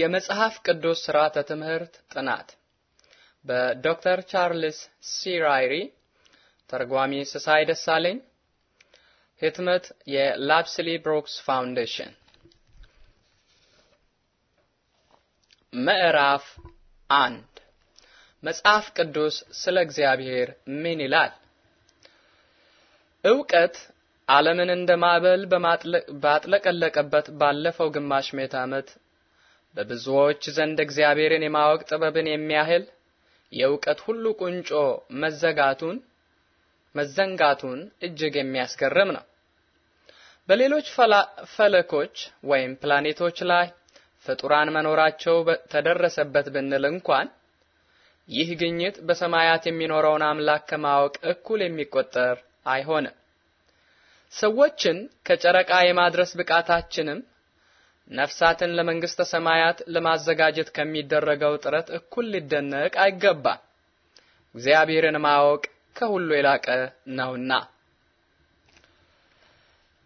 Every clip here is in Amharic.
የመጽሐፍ ቅዱስ ስርዓተ ትምህርት ጥናት በዶክተር ቻርልስ ሲራይሪ ተርጓሚ ስሳይ ደሳለኝ ህትመት የላፕስሊ ብሮክስ ፋውንዴሽን ምዕራፍ አንድ መጽሐፍ ቅዱስ ስለ እግዚአብሔር ምን ይላል? እውቀት ዓለምን እንደ ማዕበል ባጥለቀለቀበት ባለፈው ግማሽ ምዕተ ዓመት በብዙዎች ዘንድ እግዚአብሔርን የማወቅ ጥበብን የሚያህል የእውቀት ሁሉ ቁንጮ መዘጋቱን መዘንጋቱን እጅግ የሚያስገርም ነው። በሌሎች ፈለኮች ወይም ፕላኔቶች ላይ ፍጡራን መኖራቸው ተደረሰበት ብንል እንኳን ይህ ግኝት በሰማያት የሚኖረውን አምላክ ከማወቅ እኩል የሚቆጠር አይሆንም። ሰዎችን ከጨረቃ የማድረስ ብቃታችንም ነፍሳትን ለመንግስተ ሰማያት ለማዘጋጀት ከሚደረገው ጥረት እኩል ሊደነቅ አይገባ። እግዚአብሔርን ማወቅ ከሁሉ የላቀ ነውና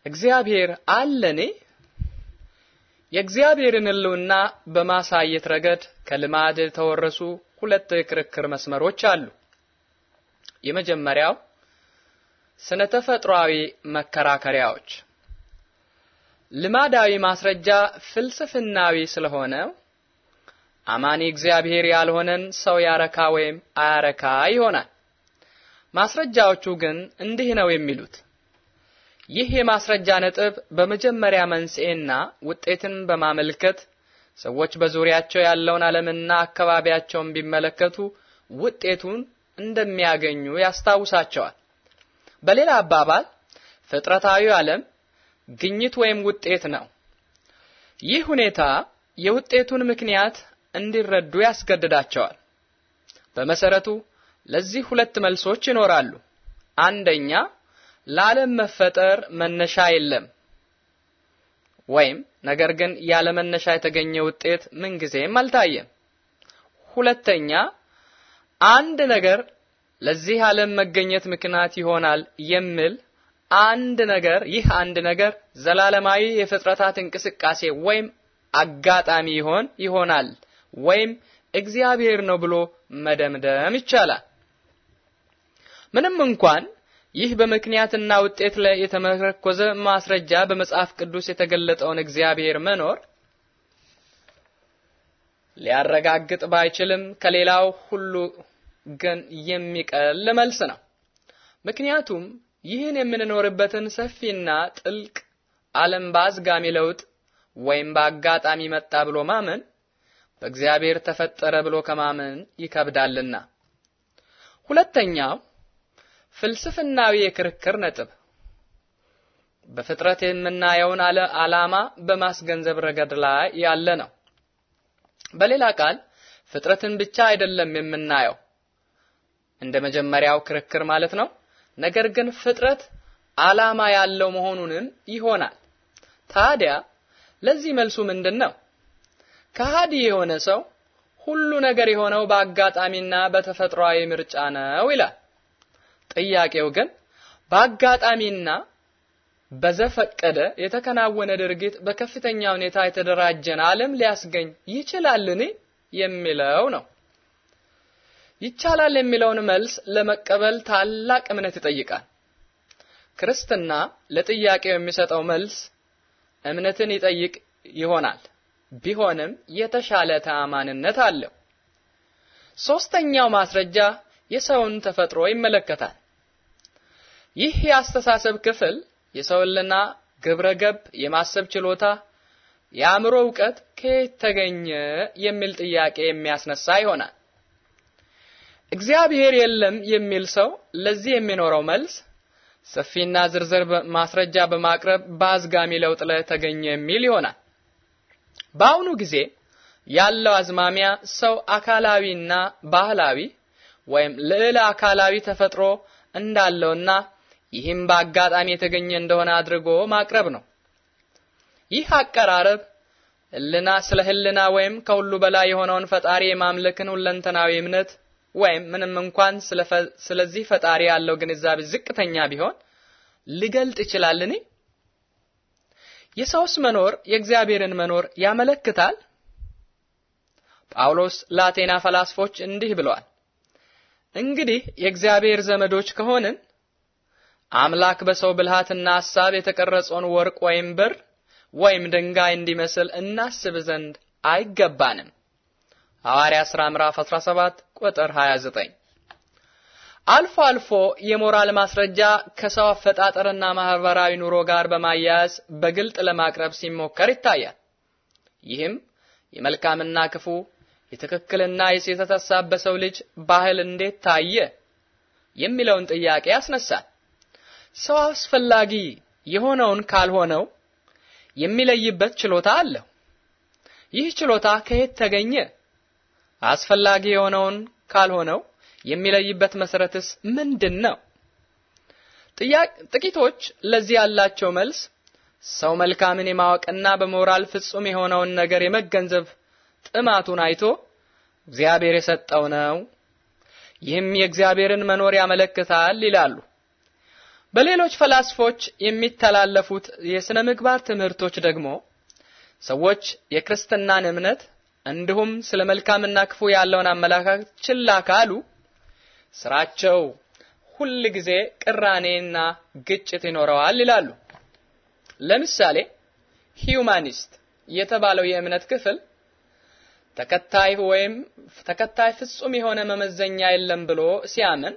እግዚአብሔር አለኔ የእግዚአብሔርን ሕልውና በማሳየት ረገድ ከልማድ የተወረሱ ሁለት የክርክር መስመሮች አሉ። የመጀመሪያው ስነ ተፈጥሯዊ መከራከሪያዎች ልማዳዊ ማስረጃ ፍልስፍናዊ ስለሆነ አማኒ እግዚአብሔር ያልሆነን ሰው ያረካ ወይም አያረካ ይሆናል። ማስረጃዎቹ ግን እንዲህ ነው የሚሉት። ይህ የማስረጃ ነጥብ በመጀመሪያ መንስኤና ውጤትን በማመልከት ሰዎች በዙሪያቸው ያለውን ዓለምና አካባቢያቸውን ቢመለከቱ ውጤቱን እንደሚያገኙ ያስታውሳቸዋል። በሌላ አባባል ፍጥረታዊ ዓለም ግኝት ወይም ውጤት ነው። ይህ ሁኔታ የውጤቱን ምክንያት እንዲረዱ ያስገድዳቸዋል። በመሰረቱ ለዚህ ሁለት መልሶች ይኖራሉ። አንደኛ ለዓለም መፈጠር መነሻ የለም ወይም ነገር ግን ያለ መነሻ የተገኘ ውጤት ምንጊዜም አልታየም። ሁለተኛ አንድ ነገር ለዚህ ዓለም መገኘት ምክንያት ይሆናል የሚል አንድ ነገር ይህ አንድ ነገር ዘላለማዊ የፍጥረታት እንቅስቃሴ ወይም አጋጣሚ ይሆን ይሆናል ወይም እግዚአብሔር ነው ብሎ መደምደም ይቻላል። ምንም እንኳን ይህ በምክንያትና ውጤት ላይ የተመረኮዘ ማስረጃ በመጽሐፍ ቅዱስ የተገለጠውን እግዚአብሔር መኖር ሊያረጋግጥ ባይችልም ከሌላው ሁሉ ግን የሚቀል መልስ ነው። ምክንያቱም ይህን የምንኖርበትን ሰፊና ጥልቅ ዓለም በአዝጋሚ ለውጥ ወይም በአጋጣሚ መጣ ብሎ ማመን በእግዚአብሔር ተፈጠረ ብሎ ከማመን ይከብዳልና። ሁለተኛው ፍልስፍናዊ የክርክር ነጥብ በፍጥረት የምናየውን ዓላማ በማስገንዘብ ረገድ ላይ ያለ ነው። በሌላ ቃል ፍጥረትን ብቻ አይደለም የምናየው እንደ መጀመሪያው ክርክር ማለት ነው። ነገር ግን ፍጥረት ዓላማ ያለው መሆኑንም ይሆናል። ታዲያ ለዚህ መልሱ ምንድን ነው? ከሃዲ የሆነ ሰው ሁሉ ነገር የሆነው በአጋጣሚና በተፈጥሯዊ ምርጫ ነው ይላል። ጥያቄው ግን በአጋጣሚና በዘፈቀደ የተከናወነ ድርጊት በከፍተኛ ሁኔታ የተደራጀን ዓለም ሊያስገኝ ይችላልን የሚለው ነው። ይቻላል የሚለውን መልስ ለመቀበል ታላቅ እምነት ይጠይቃል። ክርስትና ለጥያቄው የሚሰጠው መልስ እምነትን ይጠይቅ ይሆናል፣ ቢሆንም የተሻለ ተአማንነት አለው። ሶስተኛው ማስረጃ የሰውን ተፈጥሮ ይመለከታል። ይህ የአስተሳሰብ ክፍል የሰውልና ግብረገብ የማሰብ ችሎታ፣ የአእምሮ እውቀት ከየት ተገኘ የሚል ጥያቄ የሚያስነሳ ይሆናል። እግዚአብሔር የለም የሚል ሰው ለዚህ የሚኖረው መልስ ሰፊና ዝርዝር ማስረጃ በማቅረብ በአዝጋሚ ለውጥ ላይ ተገኘ የሚል ይሆናል። በአሁኑ ጊዜ ያለው አዝማሚያ ሰው አካላዊና ባህላዊ ወይም ልዕለ አካላዊ ተፈጥሮ እንዳለውና ይህም በአጋጣሚ የተገኘ እንደሆነ አድርጎ ማቅረብ ነው። ይህ አቀራረብ ህልና ስለ ህልና ወይም ከሁሉ በላይ የሆነውን ፈጣሪ የማምለክን ሁለንተናዊ እምነት ወይም ምንም እንኳን ስለዚህ ፈጣሪ ያለው ግንዛቤ ዝቅተኛ ቢሆን ሊገልጥ ይችላልን? የሰውስ መኖር የእግዚአብሔርን መኖር ያመለክታል? ጳውሎስ ለአቴና ፈላስፎች እንዲህ ብሏል። እንግዲህ የእግዚአብሔር ዘመዶች ከሆንን አምላክ በሰው ብልሃትና ሐሳብ የተቀረጸውን ወርቅ ወይም ብር ወይም ድንጋይ እንዲመስል እናስብ ዘንድ አይገባንም። ሐዋርያ ሥራ ምዕራፍ 17 ቁጥር 29። አልፎ አልፎ የሞራል ማስረጃ ከሰው አፈጣጠርና ማህበራዊ ኑሮ ጋር በማያያዝ በግልጥ ለማቅረብ ሲሞከር ይታያል። ይህም የመልካምና ክፉ የትክክልና የስህተት ሀሳብ በሰው ልጅ ባህል እንዴት ታየ የሚለውን ጥያቄ ያስነሳል። ሰው አስፈላጊ የሆነውን ካልሆነው የሚለይበት ችሎታ አለው። ይህ ችሎታ ከየት ተገኘ አስፈላጊ የሆነውን ካልሆነው የሚለይበት መሰረትስ ምንድን ነው? ጥቂቶች ለዚህ ያላቸው መልስ ሰው መልካምን የማወቅና በሞራል ፍጹም የሆነውን ነገር የመገንዘብ ጥማቱን አይቶ እግዚአብሔር የሰጠው ነው፣ ይህም የእግዚአብሔርን መኖር ያመለክታል ይላሉ። በሌሎች ፈላስፎች የሚተላለፉት የሥነ ምግባር ትምህርቶች ደግሞ ሰዎች የክርስትናን እምነት እንዲሁም ስለ መልካምና ክፉ ያለውን አመለካከት ችላ ካሉ ስራቸው ሁል ጊዜ ቅራኔና ግጭት ይኖረዋል ይላሉ። ለምሳሌ ሂዩማኒስት የተባለው የእምነት ክፍል ተከታይ ወይም ተከታይ ፍጹም የሆነ መመዘኛ የለም ብሎ ሲያምን፣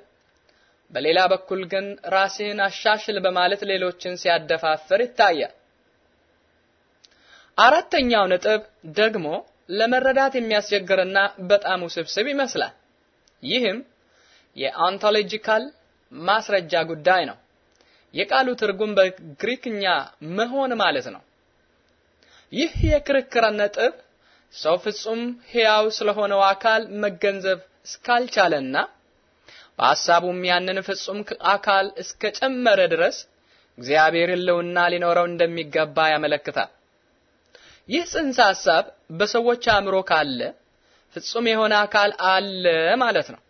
በሌላ በኩል ግን ራስህን አሻሽል በማለት ሌሎችን ሲያደፋፍር ይታያል። አራተኛው ነጥብ ደግሞ ለመረዳት የሚያስቸግርና በጣም ውስብስብ ይመስላል። ይህም የኦንቶሎጂካል ማስረጃ ጉዳይ ነው። የቃሉ ትርጉም በግሪክኛ መሆን ማለት ነው። ይህ የክርክር ነጥብ ሰው ፍጹም ሕያው ስለሆነው አካል መገንዘብ እስካልቻለና በሐሳቡም ያንን ፍጹም አካል እስከጨመረ ድረስ እግዚአብሔር ሕልውና ሊኖረው እንደሚገባ ያመለክታል። ይህ ጽንሰ ሐሳብ በሰዎች አእምሮ ካለ ፍጹም የሆነ አካል አለ ማለት ነው።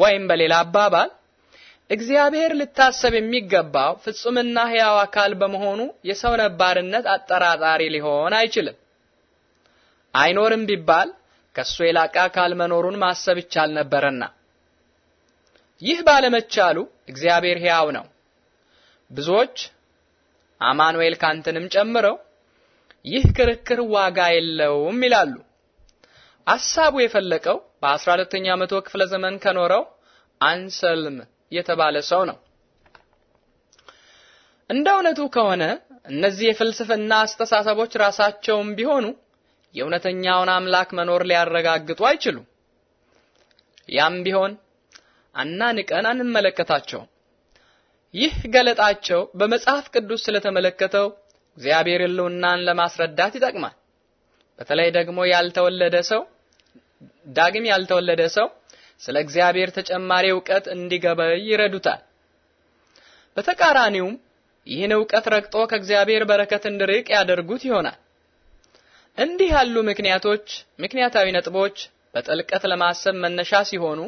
ወይም በሌላ አባባል እግዚአብሔር ልታሰብ የሚገባው ፍጹምና ሕያው አካል በመሆኑ የሰው ነባርነት አጠራጣሪ ሊሆን አይችልም። አይኖርም ቢባል ከሱ የላቀ አካል መኖሩን ማሰብ ይቻል ነበረና ይህ ባለመቻሉ እግዚአብሔር ሕያው ነው። ብዙዎች አማኑኤል ካንትንም ጨምረው ይህ ክርክር ዋጋ የለውም ይላሉ። አሳቡ የፈለቀው በ12ኛ መቶ ክፍለ ዘመን ከኖረው አንሰልም የተባለ ሰው ነው። እንደ እውነቱ ከሆነ እነዚህ የፍልስፍና አስተሳሰቦች ራሳቸውም ቢሆኑ የእውነተኛውን አምላክ መኖር ሊያረጋግጡ አይችሉም። ያም ቢሆን አናንቀን አንመለከታቸውም። ይህ ገለጣቸው በመጽሐፍ ቅዱስ ስለተመለከተው እግዚአብሔር ሕልውናን ለማስረዳት ይጠቅማል። በተለይ ደግሞ ያልተወለደ ሰው ዳግም ያልተወለደ ሰው ስለ እግዚአብሔር ተጨማሪ እውቀት እንዲገበይ ይረዱታል። በተቃራኒውም ይህን እውቀት ረግጦ ከእግዚአብሔር በረከት እንዲርቅ ያደርጉት ይሆናል። እንዲህ ያሉ ምክንያቶች ምክንያታዊ ነጥቦች በጥልቀት ለማሰብ መነሻ ሲሆኑ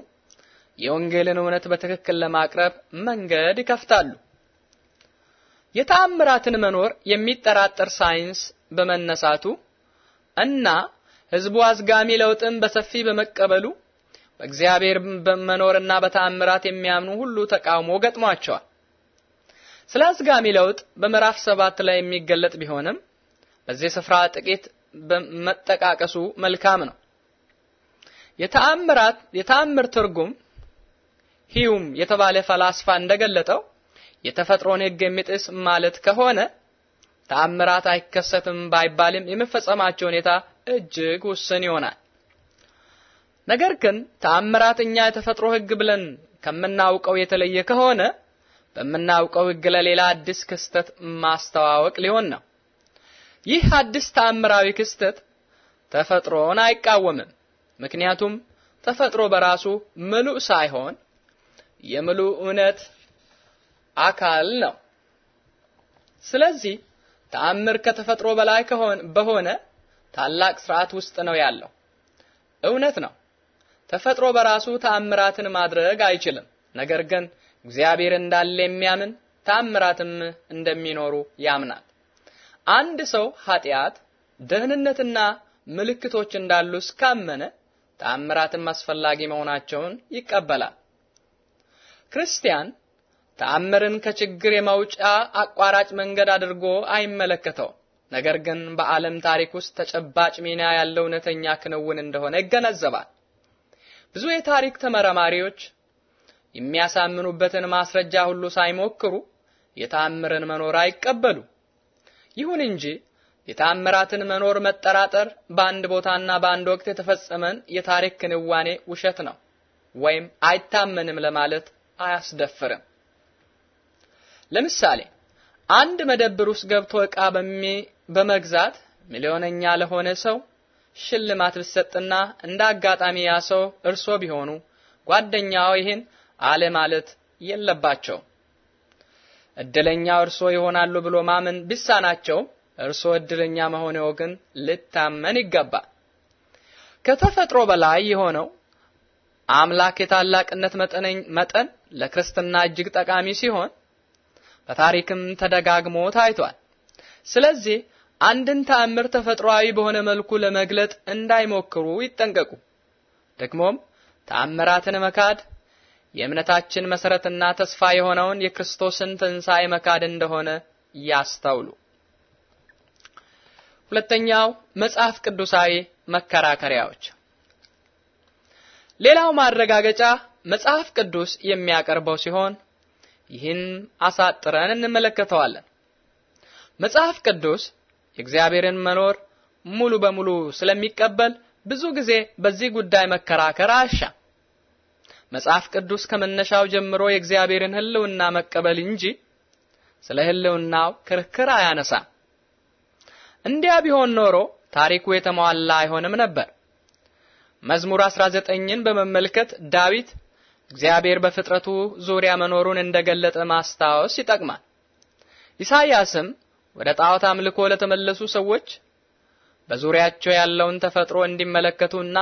የወንጌልን እውነት በትክክል ለማቅረብ መንገድ ይከፍታሉ። የተአምራትን መኖር የሚጠራጠር ሳይንስ በመነሳቱ እና ህዝቡ አዝጋሚ ለውጥን በሰፊ በመቀበሉ በእግዚአብሔር በመኖርና በተአምራት የሚያምኑ ሁሉ ተቃውሞ ገጥሟቸዋል። ስለ አዝጋሚ ለውጥ በምዕራፍ ሰባት ላይ የሚገለጥ ቢሆንም በዚህ ስፍራ ጥቂት በመጠቃቀሱ መልካም ነው። የተአምራት የተአምር ትርጉም ሂዩም የተባለ ፈላስፋ እንደገለጠው የተፈጥሮን ሕግ የሚጥስ ማለት ከሆነ ተአምራት አይከሰትም ባይባልም የመፈጸማቸው ሁኔታ እጅግ ውስን ይሆናል። ነገር ግን ተአምራት እኛ የተፈጥሮ ሕግ ብለን ከምናውቀው የተለየ ከሆነ በምናውቀው ሕግ ለሌላ አዲስ ክስተት ማስተዋወቅ ሊሆን ነው። ይህ አዲስ ተአምራዊ ክስተት ተፈጥሮን አይቃወምም። ምክንያቱም ተፈጥሮ በራሱ ምሉእ ሳይሆን የምሉእነት አካል ነው። ስለዚህ ተአምር ከተፈጥሮ በላይ ከሆነ በሆነ ታላቅ ስርዓት ውስጥ ነው ያለው። እውነት ነው። ተፈጥሮ በራሱ ተአምራትን ማድረግ አይችልም። ነገር ግን እግዚአብሔር እንዳለ የሚያምን ተአምራትም እንደሚኖሩ ያምናል። አንድ ሰው ኃጢአት፣ ደህንነትና ምልክቶች እንዳሉ እስካመነ ተአምራትም አስፈላጊ መሆናቸውን ይቀበላል። ክርስቲያን ተአምርን ከችግር የማውጫ አቋራጭ መንገድ አድርጎ አይመለከተው። ነገር ግን በዓለም ታሪክ ውስጥ ተጨባጭ ሚና ያለው እውነተኛ ክንውን እንደሆነ ይገነዘባል። ብዙ የታሪክ ተመራማሪዎች የሚያሳምኑበትን ማስረጃ ሁሉ ሳይሞክሩ የተአምርን መኖር አይቀበሉ። ይሁን እንጂ የተአምራትን መኖር መጠራጠር በአንድ ቦታና በአንድ ወቅት የተፈጸመን የታሪክ ክንዋኔ ውሸት ነው ወይም አይታመንም ለማለት አያስደፍርም። ለምሳሌ አንድ መደብር ውስጥ ገብቶ እቃ በመግዛት ሚሊዮነኛ ለሆነ ሰው ሽልማት ብሰጥና እንደ አጋጣሚ ያ ሰው እርሶ ቢሆኑ ጓደኛው ይህን አለ ማለት የለባቸው። እድለኛው እርሶ ይሆናሉ ብሎ ማመን ቢሳናቸው እርሶ እድለኛ መሆነው ግን ልታመን ይገባል። ከተፈጥሮ በላይ የሆነው አምላክ የታላቅነት መጠን ለክርስትና እጅግ ጠቃሚ ሲሆን በታሪክም ተደጋግሞ ታይቷል። ስለዚህ አንድን ተአምር ተፈጥሯዊ በሆነ መልኩ ለመግለጥ እንዳይሞክሩ ይጠንቀቁ። ደግሞም ተአምራትን መካድ የእምነታችን መሰረትና ተስፋ የሆነውን የክርስቶስን ትንሣኤ መካድ እንደሆነ ያስተውሉ። ሁለተኛው መጽሐፍ ቅዱሳዊ መከራከሪያዎች። ሌላው ማረጋገጫ መጽሐፍ ቅዱስ የሚያቀርበው ሲሆን ይህን አሳጥረን እንመለከተዋለን። መጽሐፍ ቅዱስ የእግዚአብሔርን መኖር ሙሉ በሙሉ ስለሚቀበል ብዙ ጊዜ በዚህ ጉዳይ መከራከር አሻ መጽሐፍ ቅዱስ ከመነሻው ጀምሮ የእግዚአብሔርን ሕልውና መቀበል እንጂ ስለ ሕልውናው ክርክር አያነሳም። እንዲያ ቢሆን ኖሮ ታሪኩ የተሟላ አይሆንም ነበር። መዝሙር 19ን በመመልከት ዳዊት እግዚአብሔር በፍጥረቱ ዙሪያ መኖሩን እንደገለጠ ማስታወስ ይጠቅማል። ኢሳይያስም ወደ ጣዖት አምልኮ ለተመለሱ ሰዎች በዙሪያቸው ያለውን ተፈጥሮ እንዲመለከቱና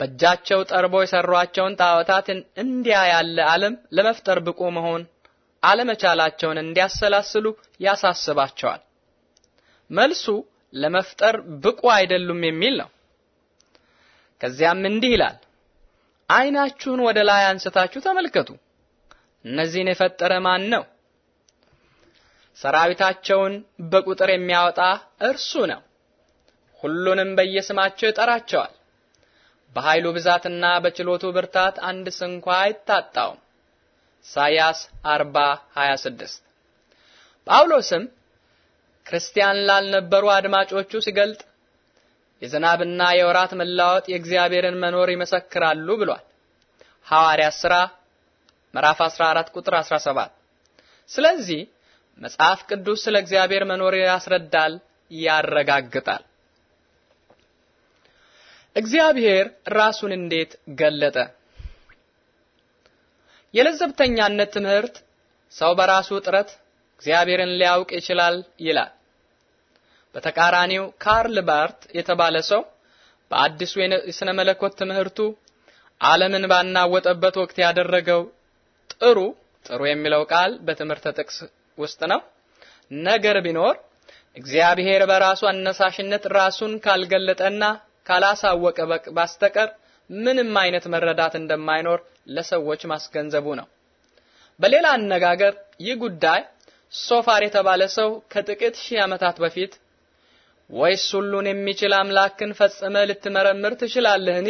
በእጃቸው ጠርቦ የሰሯቸውን ጣዖታት እንዲያ ያለ ዓለም ለመፍጠር ብቁ መሆን አለመቻላቸውን እንዲያሰላስሉ ያሳስባቸዋል። መልሱ ለመፍጠር ብቁ አይደሉም የሚል ነው። ከዚያም እንዲህ ይላል ዓይናችሁን ወደ ላይ አንስታችሁ ተመልከቱ። እነዚህን የፈጠረ ማን ነው? ሰራዊታቸውን በቁጥር የሚያወጣ እርሱ ነው። ሁሉንም በየስማቸው ይጠራቸዋል። በኃይሉ ብዛትና በችሎቱ ብርታት አንድ ስንኳ አይታጣውም። ኢሳይያስ 40 26 ጳውሎስም ክርስቲያን ላልነበሩ አድማጮቹ ሲገልጥ የዝናብና የወራት መላወጥ የእግዚአብሔርን መኖር ይመሰክራሉ ብሏል። ሐዋርያት ሥራ ምዕራፍ 14 ቁጥር 17። ስለዚህ መጽሐፍ ቅዱስ ስለ እግዚአብሔር መኖር ያስረዳል፣ ያረጋግጣል። እግዚአብሔር ራሱን እንዴት ገለጠ? የለዘብተኛነት ትምህርት ሰው በራሱ ጥረት እግዚአብሔርን ሊያውቅ ይችላል ይላል። በተቃራኒው ካርል ባርት የተባለ ሰው በአዲሱ የሥነ መለኮት ትምህርቱ ዓለምን ባናወጠበት ወቅት ያደረገው ጥሩ ጥሩ የሚለው ቃል በትምህርተ ጥቅስ ውስጥ ነው። ነገር ቢኖር እግዚአብሔር በራሱ አነሳሽነት ራሱን ካልገለጠና ካላሳወቀ በስተቀር ምንም አይነት መረዳት እንደማይኖር ለሰዎች ማስገንዘቡ ነው። በሌላ አነጋገር ይህ ጉዳይ ሶፋር የተባለ ሰው ከጥቂት ሺህ ዓመታት በፊት ወይስ ሁሉን የሚችል አምላክን ፈጽመ ልትመረምር ትችላለህን?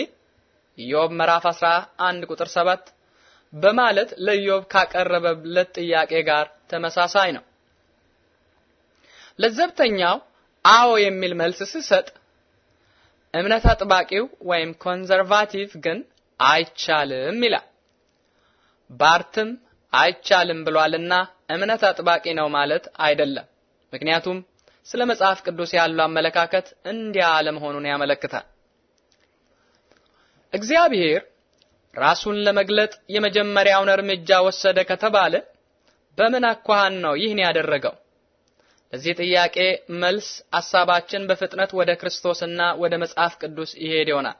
ኢዮብ ምዕራፍ 11 ቁጥር 7 በማለት ለኢዮብ ካቀረበለት ጥያቄ ጋር ተመሳሳይ ነው። ለዘብተኛው አዎ የሚል መልስ ሲሰጥ፣ እምነት አጥባቂው ወይም ኮንዘርቫቲቭ ግን አይቻልም ይላል። ባርትም አይቻልም ብሏልና እምነት አጥባቂ ነው ማለት አይደለም። ምክንያቱም ስለ መጽሐፍ ቅዱስ ያለው አመለካከት እንዲያ አለመሆኑን ያመለክታል። እግዚአብሔር ራሱን ለመግለጥ የመጀመሪያውን እርምጃ ወሰደ ከተባለ በምን አኳኋን ነው ይህን ያደረገው? ለዚህ ጥያቄ መልስ አሳባችን በፍጥነት ወደ ክርስቶስና ወደ መጽሐፍ ቅዱስ ይሄድ ይሆናል።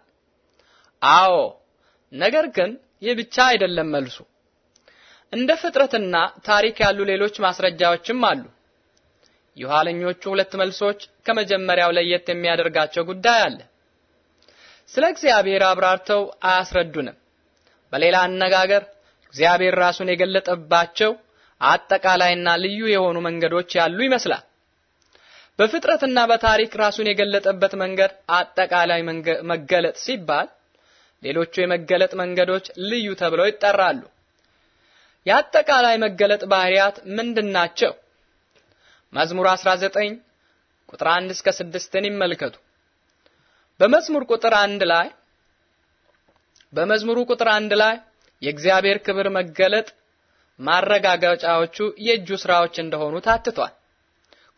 አዎ፣ ነገር ግን ይህ ብቻ አይደለም መልሱ። እንደ ፍጥረትና ታሪክ ያሉ ሌሎች ማስረጃዎችም አሉ። የኋለኞቹ ሁለት መልሶች ከመጀመሪያው ለየት የሚያደርጋቸው ጉዳይ አለ። ስለ እግዚአብሔር አብራርተው አያስረዱንም። በሌላ አነጋገር እግዚአብሔር ራሱን የገለጠባቸው አጠቃላይና ልዩ የሆኑ መንገዶች ያሉ ይመስላል። በፍጥረትና በታሪክ ራሱን የገለጠበት መንገድ አጠቃላይ መገለጥ ሲባል ሌሎቹ የመገለጥ መንገዶች ልዩ ተብለው ይጠራሉ። የአጠቃላይ መገለጥ ባህሪያት ምንድናቸው? መዝሙር 19 ቁጥር 1 እስከ 6ን ይመልከቱ። በመዝሙር ቁጥር 1 ላይ በመዝሙሩ ቁጥር 1 ላይ የእግዚአብሔር ክብር መገለጥ ማረጋገጫዎቹ የእጁ ስራዎች እንደሆኑ ታትቷል።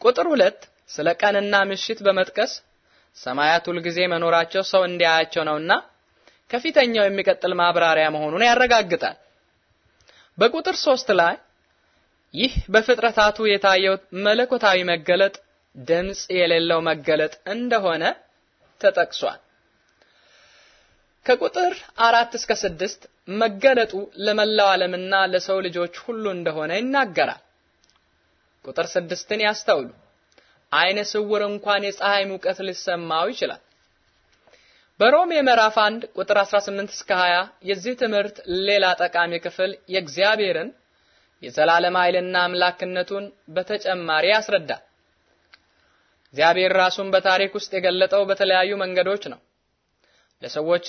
ቁጥር 2 ስለ ቀንና ምሽት በመጥቀስ ሰማያት ሁልጊዜ መኖራቸው ሰው እንዲያያቸው ነውና ከፊተኛው የሚቀጥል ማብራሪያ መሆኑን ያረጋግጣል። በቁጥር 3 ላይ ይህ በፍጥረታቱ የታየው መለኮታዊ መገለጥ ድምጽ የሌለው መገለጥ እንደሆነ ተጠቅሷል። ከቁጥር አራት እስከ ስድስት መገለጡ ለመላው ዓለምና ለሰው ልጆች ሁሉ እንደሆነ ይናገራል። ቁጥር ስድስትን ያስተውሉ። አይነ ስውር እንኳን የፀሐይ ሙቀት ሊሰማው ይችላል። በሮሜ ምዕራፍ 1 ቁጥር 18 እስከ 20 የዚህ ትምህርት ሌላ ጠቃሚ ክፍል የእግዚአብሔርን የዘላለም ኃይልና አምላክነቱን በተጨማሪ ያስረዳል። እግዚአብሔር ራሱን በታሪክ ውስጥ የገለጠው በተለያዩ መንገዶች ነው። ለሰዎች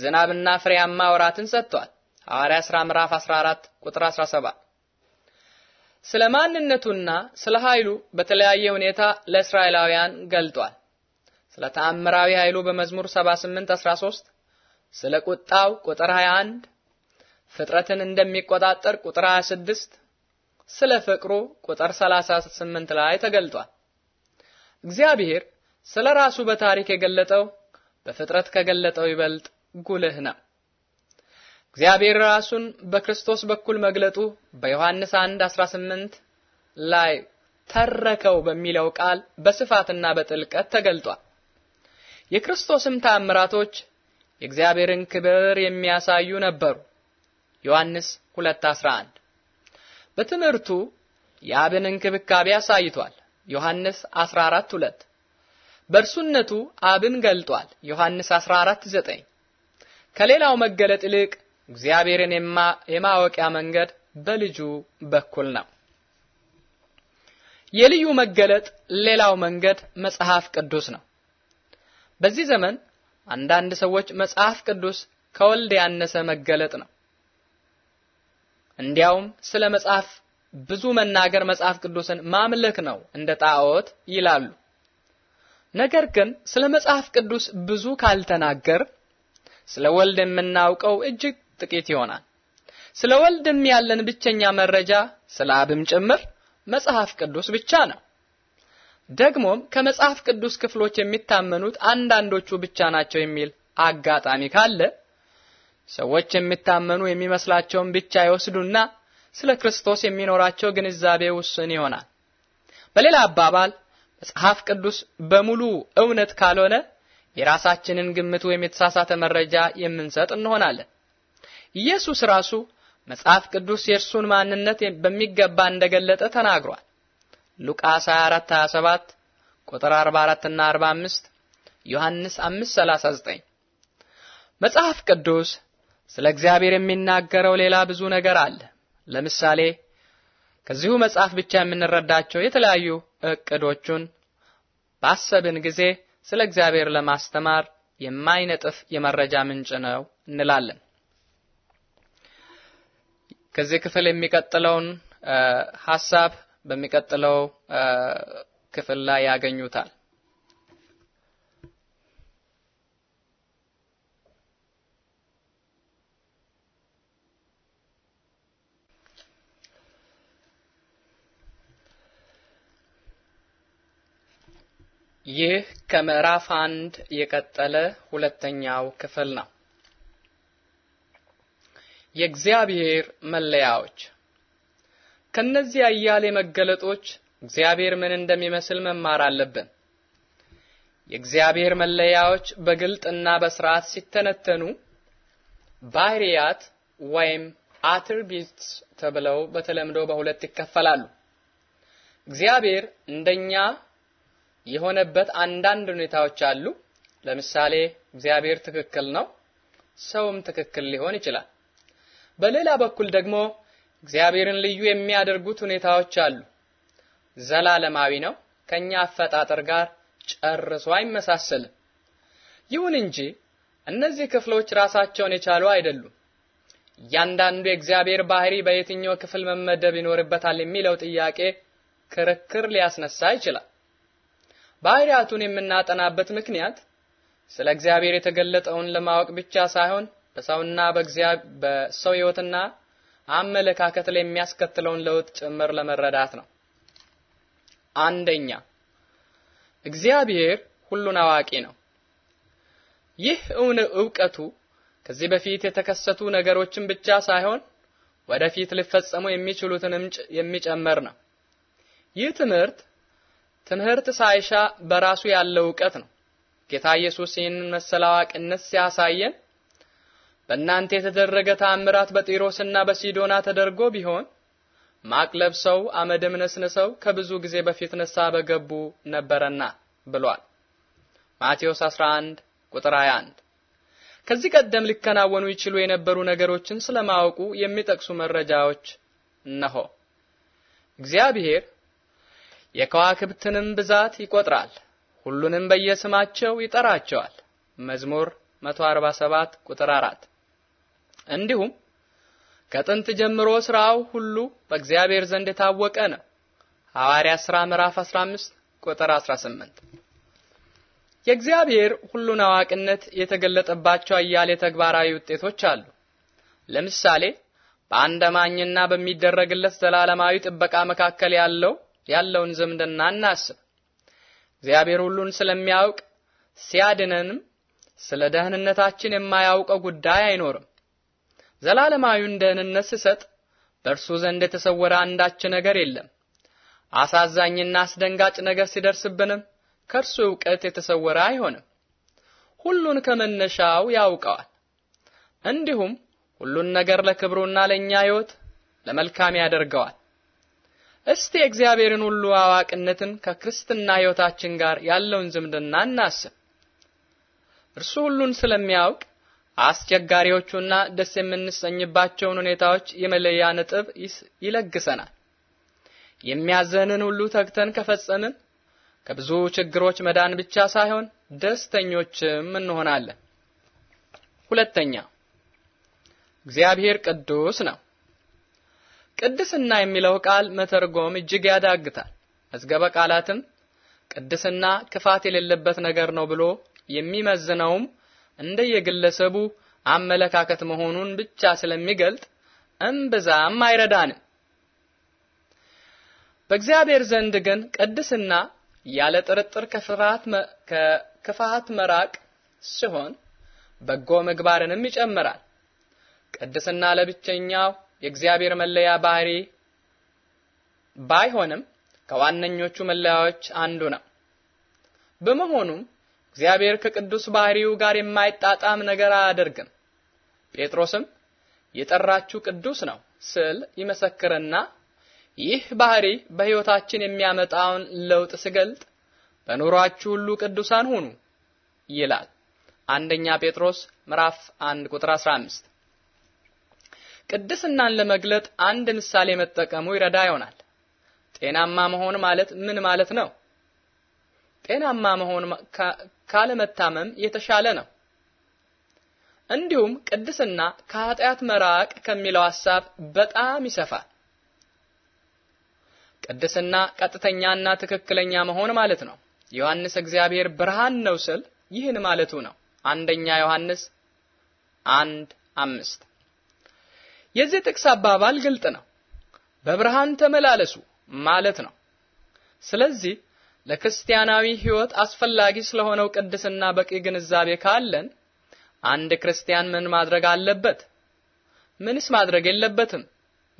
ዝናብና ፍሬያማ ወራትን ሰጥቷል። ሐዋርያ ሥራ ምዕራፍ 14 ቁጥር 17 ስለ ማንነቱና ስለ ኃይሉ በተለያየ ሁኔታ ለእስራኤላውያን ገልጧል። ስለ ተአምራዊ ኃይሉ በመዝሙር 78 13 ስለ ቁጣው ቁጥር 21 ፍጥረትን እንደሚቆጣጠር ቁጥር 26 ስለ ፍቅሩ ቁጥር 38 ላይ ተገልጧል። እግዚአብሔር ስለ ራሱ በታሪክ የገለጠው በፍጥረት ከገለጠው ይበልጥ ጉልህ ነው። እግዚአብሔር ራሱን በክርስቶስ በኩል መግለጡ በዮሐንስ 1 18 ላይ ተረከው በሚለው ቃል በስፋትና በጥልቀት ተገልጧል። የክርስቶስም ታምራቶች የእግዚአብሔርን ክብር የሚያሳዩ ነበሩ። ዮሐንስ 2:11 በትምህርቱ የአብን እንክብካቤ አሳይቷል። ዮሐንስ 14:2 በእርሱነቱ አብን ገልጧል። ዮሐንስ 14:9 ከሌላው መገለጥ ይልቅ እግዚአብሔርን የማወቂያ መንገድ በልጁ በኩል ነው። የልዩ መገለጥ ሌላው መንገድ መጽሐፍ ቅዱስ ነው። በዚህ ዘመን አንዳንድ ሰዎች መጽሐፍ ቅዱስ ከወልድ ያነሰ መገለጥ ነው እንዲያውም ስለ መጽሐፍ ብዙ መናገር መጽሐፍ ቅዱስን ማምለክ ነው እንደ ጣዖት ይላሉ። ነገር ግን ስለ መጽሐፍ ቅዱስ ብዙ ካልተናገር ስለ ወልድ የምናውቀው እጅግ ጥቂት ይሆናል። ስለ ወልድም ያለን ብቸኛ መረጃ ስለ አብም ጭምር መጽሐፍ ቅዱስ ብቻ ነው። ደግሞም ከመጽሐፍ ቅዱስ ክፍሎች የሚታመኑት አንዳንዶቹ ብቻ ናቸው የሚል አጋጣሚ ካለ ሰዎች የሚታመኑ የሚመስላቸውን ብቻ ይወስዱና ስለ ክርስቶስ የሚኖራቸው ግንዛቤ ውስን ይሆናል። በሌላ አባባል መጽሐፍ ቅዱስ በሙሉ እውነት ካልሆነ የራሳችንን ግምት ወይም የተሳሳተ መረጃ የምንሰጥ እንሆናለን። ኢየሱስ ራሱ መጽሐፍ ቅዱስ የእርሱን ማንነት በሚገባ እንደገለጠ ተናግሯል። ሉቃስ 24 27 ቁጥር 44 እና 45 ዮሐንስ 5 39 መጽሐፍ ቅዱስ ስለ እግዚአብሔር የሚናገረው ሌላ ብዙ ነገር አለ። ለምሳሌ ከዚሁ መጽሐፍ ብቻ የምንረዳቸው የተለያዩ እቅዶቹን ባሰብን ጊዜ ስለ እግዚአብሔር ለማስተማር የማይነጥፍ የመረጃ ምንጭ ነው እንላለን። ከዚህ ክፍል የሚቀጥለውን ሀሳብ በሚቀጥለው ክፍል ላይ ያገኙታል። ይህ ከምዕራፍ አንድ የቀጠለ ሁለተኛው ክፍል ነው። የእግዚአብሔር መለያዎች ከነዚህ አያሌ መገለጦች እግዚአብሔር ምን እንደሚመስል መማር አለብን። የእግዚአብሔር መለያዎች በግልጥና በስርዓት ሲተነተኑ ባህሪያት ወይም አትሪቢዩትስ ተብለው በተለምዶ በሁለት ይከፈላሉ። እግዚአብሔር እንደኛ የሆነበት አንዳንድ ሁኔታዎች አሉ። ለምሳሌ እግዚአብሔር ትክክል ነው፣ ሰውም ትክክል ሊሆን ይችላል። በሌላ በኩል ደግሞ እግዚአብሔርን ልዩ የሚያደርጉት ሁኔታዎች አሉ። ዘላለማዊ ነው፣ ከኛ አፈጣጠር ጋር ጨርሶ አይመሳሰልም። ይሁን እንጂ እነዚህ ክፍሎች ራሳቸውን የቻሉ አይደሉም። እያንዳንዱ የእግዚአብሔር ባህሪ በየትኛው ክፍል መመደብ ይኖርበታል የሚለው ጥያቄ ክርክር ሊያስነሳ ይችላል። ባህሪያቱን የምናጠናበት ምክንያት ስለ እግዚአብሔር የተገለጠውን ለማወቅ ብቻ ሳይሆን በሰውና በሰው ህይወትና አመለካከት ላይ የሚያስከትለውን ለውጥ ጭምር ለመረዳት ነው። አንደኛ እግዚአብሔር ሁሉን አዋቂ ነው። ይህ እውን እውቀቱ ከዚህ በፊት የተከሰቱ ነገሮችን ብቻ ሳይሆን ወደፊት ሊፈጸሙ የሚችሉትንም የሚጨምር ነው። ይህ ትምህርት ትምህርት ሳይሻ በራሱ ያለው እውቀት ነው። ጌታ ኢየሱስ ይህንን መሰል አዋቂነት ሲያሳየን በእናንተ የተደረገ ተአምራት በጢሮስና በሲዶና ተደርጎ ቢሆን ማቅ ለብሰው አመድም ነስንሰው ከብዙ ጊዜ በፊት ነሳ በገቡ ነበረና ብሏል። ማቴዎስ 11 ቁጥር 21 ከዚህ ቀደም ሊከናወኑ ይችሉ የነበሩ ነገሮችን ስለማወቁ የሚጠቅሱ መረጃዎች እነሆ። እግዚአብሔር የከዋክብትንም ብዛት ይቆጥራል፣ ሁሉንም በየስማቸው ይጠራቸዋል። መዝሙር 147 ቁጥር 4። እንዲሁም ከጥንት ጀምሮ ስራው ሁሉ በእግዚአብሔር ዘንድ የታወቀ ነው። ሐዋርያ ሥራ ምዕራፍ 15 ቁጥር 18። የእግዚአብሔር ሁሉን አዋቂነት የተገለጠባቸው አያሌ ተግባራዊ ውጤቶች አሉ። ለምሳሌ በአንድ አማኝና በሚደረግለት ዘላለማዊ ጥበቃ መካከል ያለው ያለውን ዝምድና እናስብ። እግዚአብሔር ሁሉን ስለሚያውቅ ሲያድነንም ስለ ደህንነታችን የማያውቀው ጉዳይ አይኖርም። ዘላለማዊውን ደህንነት ሲሰጥ በእርሱ ዘንድ የተሰወረ አንዳች ነገር የለም። አሳዛኝና አስደንጋጭ ነገር ሲደርስብንም ከእርሱ እውቀት የተሰወረ አይሆንም። ሁሉን ከመነሻው ያውቀዋል። እንዲሁም ሁሉን ነገር ለክብሩና ለእኛ ሕይወት ለመልካም ያደርገዋል። እስቲ እግዚአብሔርን ሁሉ አዋቂነትን ከክርስትና ሕይወታችን ጋር ያለውን ዝምድና እናስብ። እርሱ ሁሉን ስለሚያውቅ አስቸጋሪዎቹና ደስ የምንሰኝባቸውን ሁኔታዎች የመለያ ነጥብ ይለግሰናል። የሚያዘንን ሁሉ ተግተን ከፈጸምን ከብዙ ችግሮች መዳን ብቻ ሳይሆን ደስተኞችም እንሆናለን። ሁለተኛ፣ እግዚአብሔር ቅዱስ ነው። ቅድስና የሚለው ቃል መተርጎም እጅግ ያዳግታል። መዝገበ ቃላትም ቅድስና ክፋት የሌለበት ነገር ነው ብሎ የሚመዝነውም እንደየግለሰቡ አመለካከት መሆኑን ብቻ ስለሚገልጥ እምብዛም አይረዳንም። በእግዚአብሔር ዘንድ ግን ቅድስና ያለ ጥርጥር ከክፋት መራቅ ሲሆን በጎ ምግባርንም ይጨምራል። ቅድስና ለብቸኛው የእግዚአብሔር መለያ ባህሪ ባይሆንም ከዋነኞቹ መለያዎች አንዱ ነው። በመሆኑም እግዚአብሔር ከቅዱስ ባህሪው ጋር የማይጣጣም ነገር አያደርግም። ጴጥሮስም የጠራችሁ ቅዱስ ነው ስል ይመሰክርና ይህ ባህሪ በሕይወታችን የሚያመጣውን ለውጥ ስገልጥ በኑሯችሁ ሁሉ ቅዱሳን ሁኑ ይላል። አንደኛ ጴጥሮስ ምዕራፍ 1 ቁጥር 15 ቅድስናን ለመግለጥ አንድ ምሳሌ መጠቀሙ ይረዳ ይሆናል። ጤናማ መሆን ማለት ምን ማለት ነው? ጤናማ መሆን ካለመታመም የተሻለ ነው። እንዲሁም ቅድስና ከኃጢአት መራቅ ከሚለው ሐሳብ በጣም ይሰፋል። ቅድስና ቀጥተኛና ትክክለኛ መሆን ማለት ነው። ዮሐንስ እግዚአብሔር ብርሃን ነው ስል ይህን ማለቱ ነው። አንደኛ ዮሐንስ አንድ አምስት የዚህ ጥቅስ አባባል ግልጥ ነው። በብርሃን ተመላለሱ ማለት ነው። ስለዚህ ለክርስቲያናዊ ሕይወት አስፈላጊ ስለሆነው ቅድስና በቂ ግንዛቤ ካለን አንድ ክርስቲያን ምን ማድረግ አለበት፣ ምንስ ማድረግ የለበትም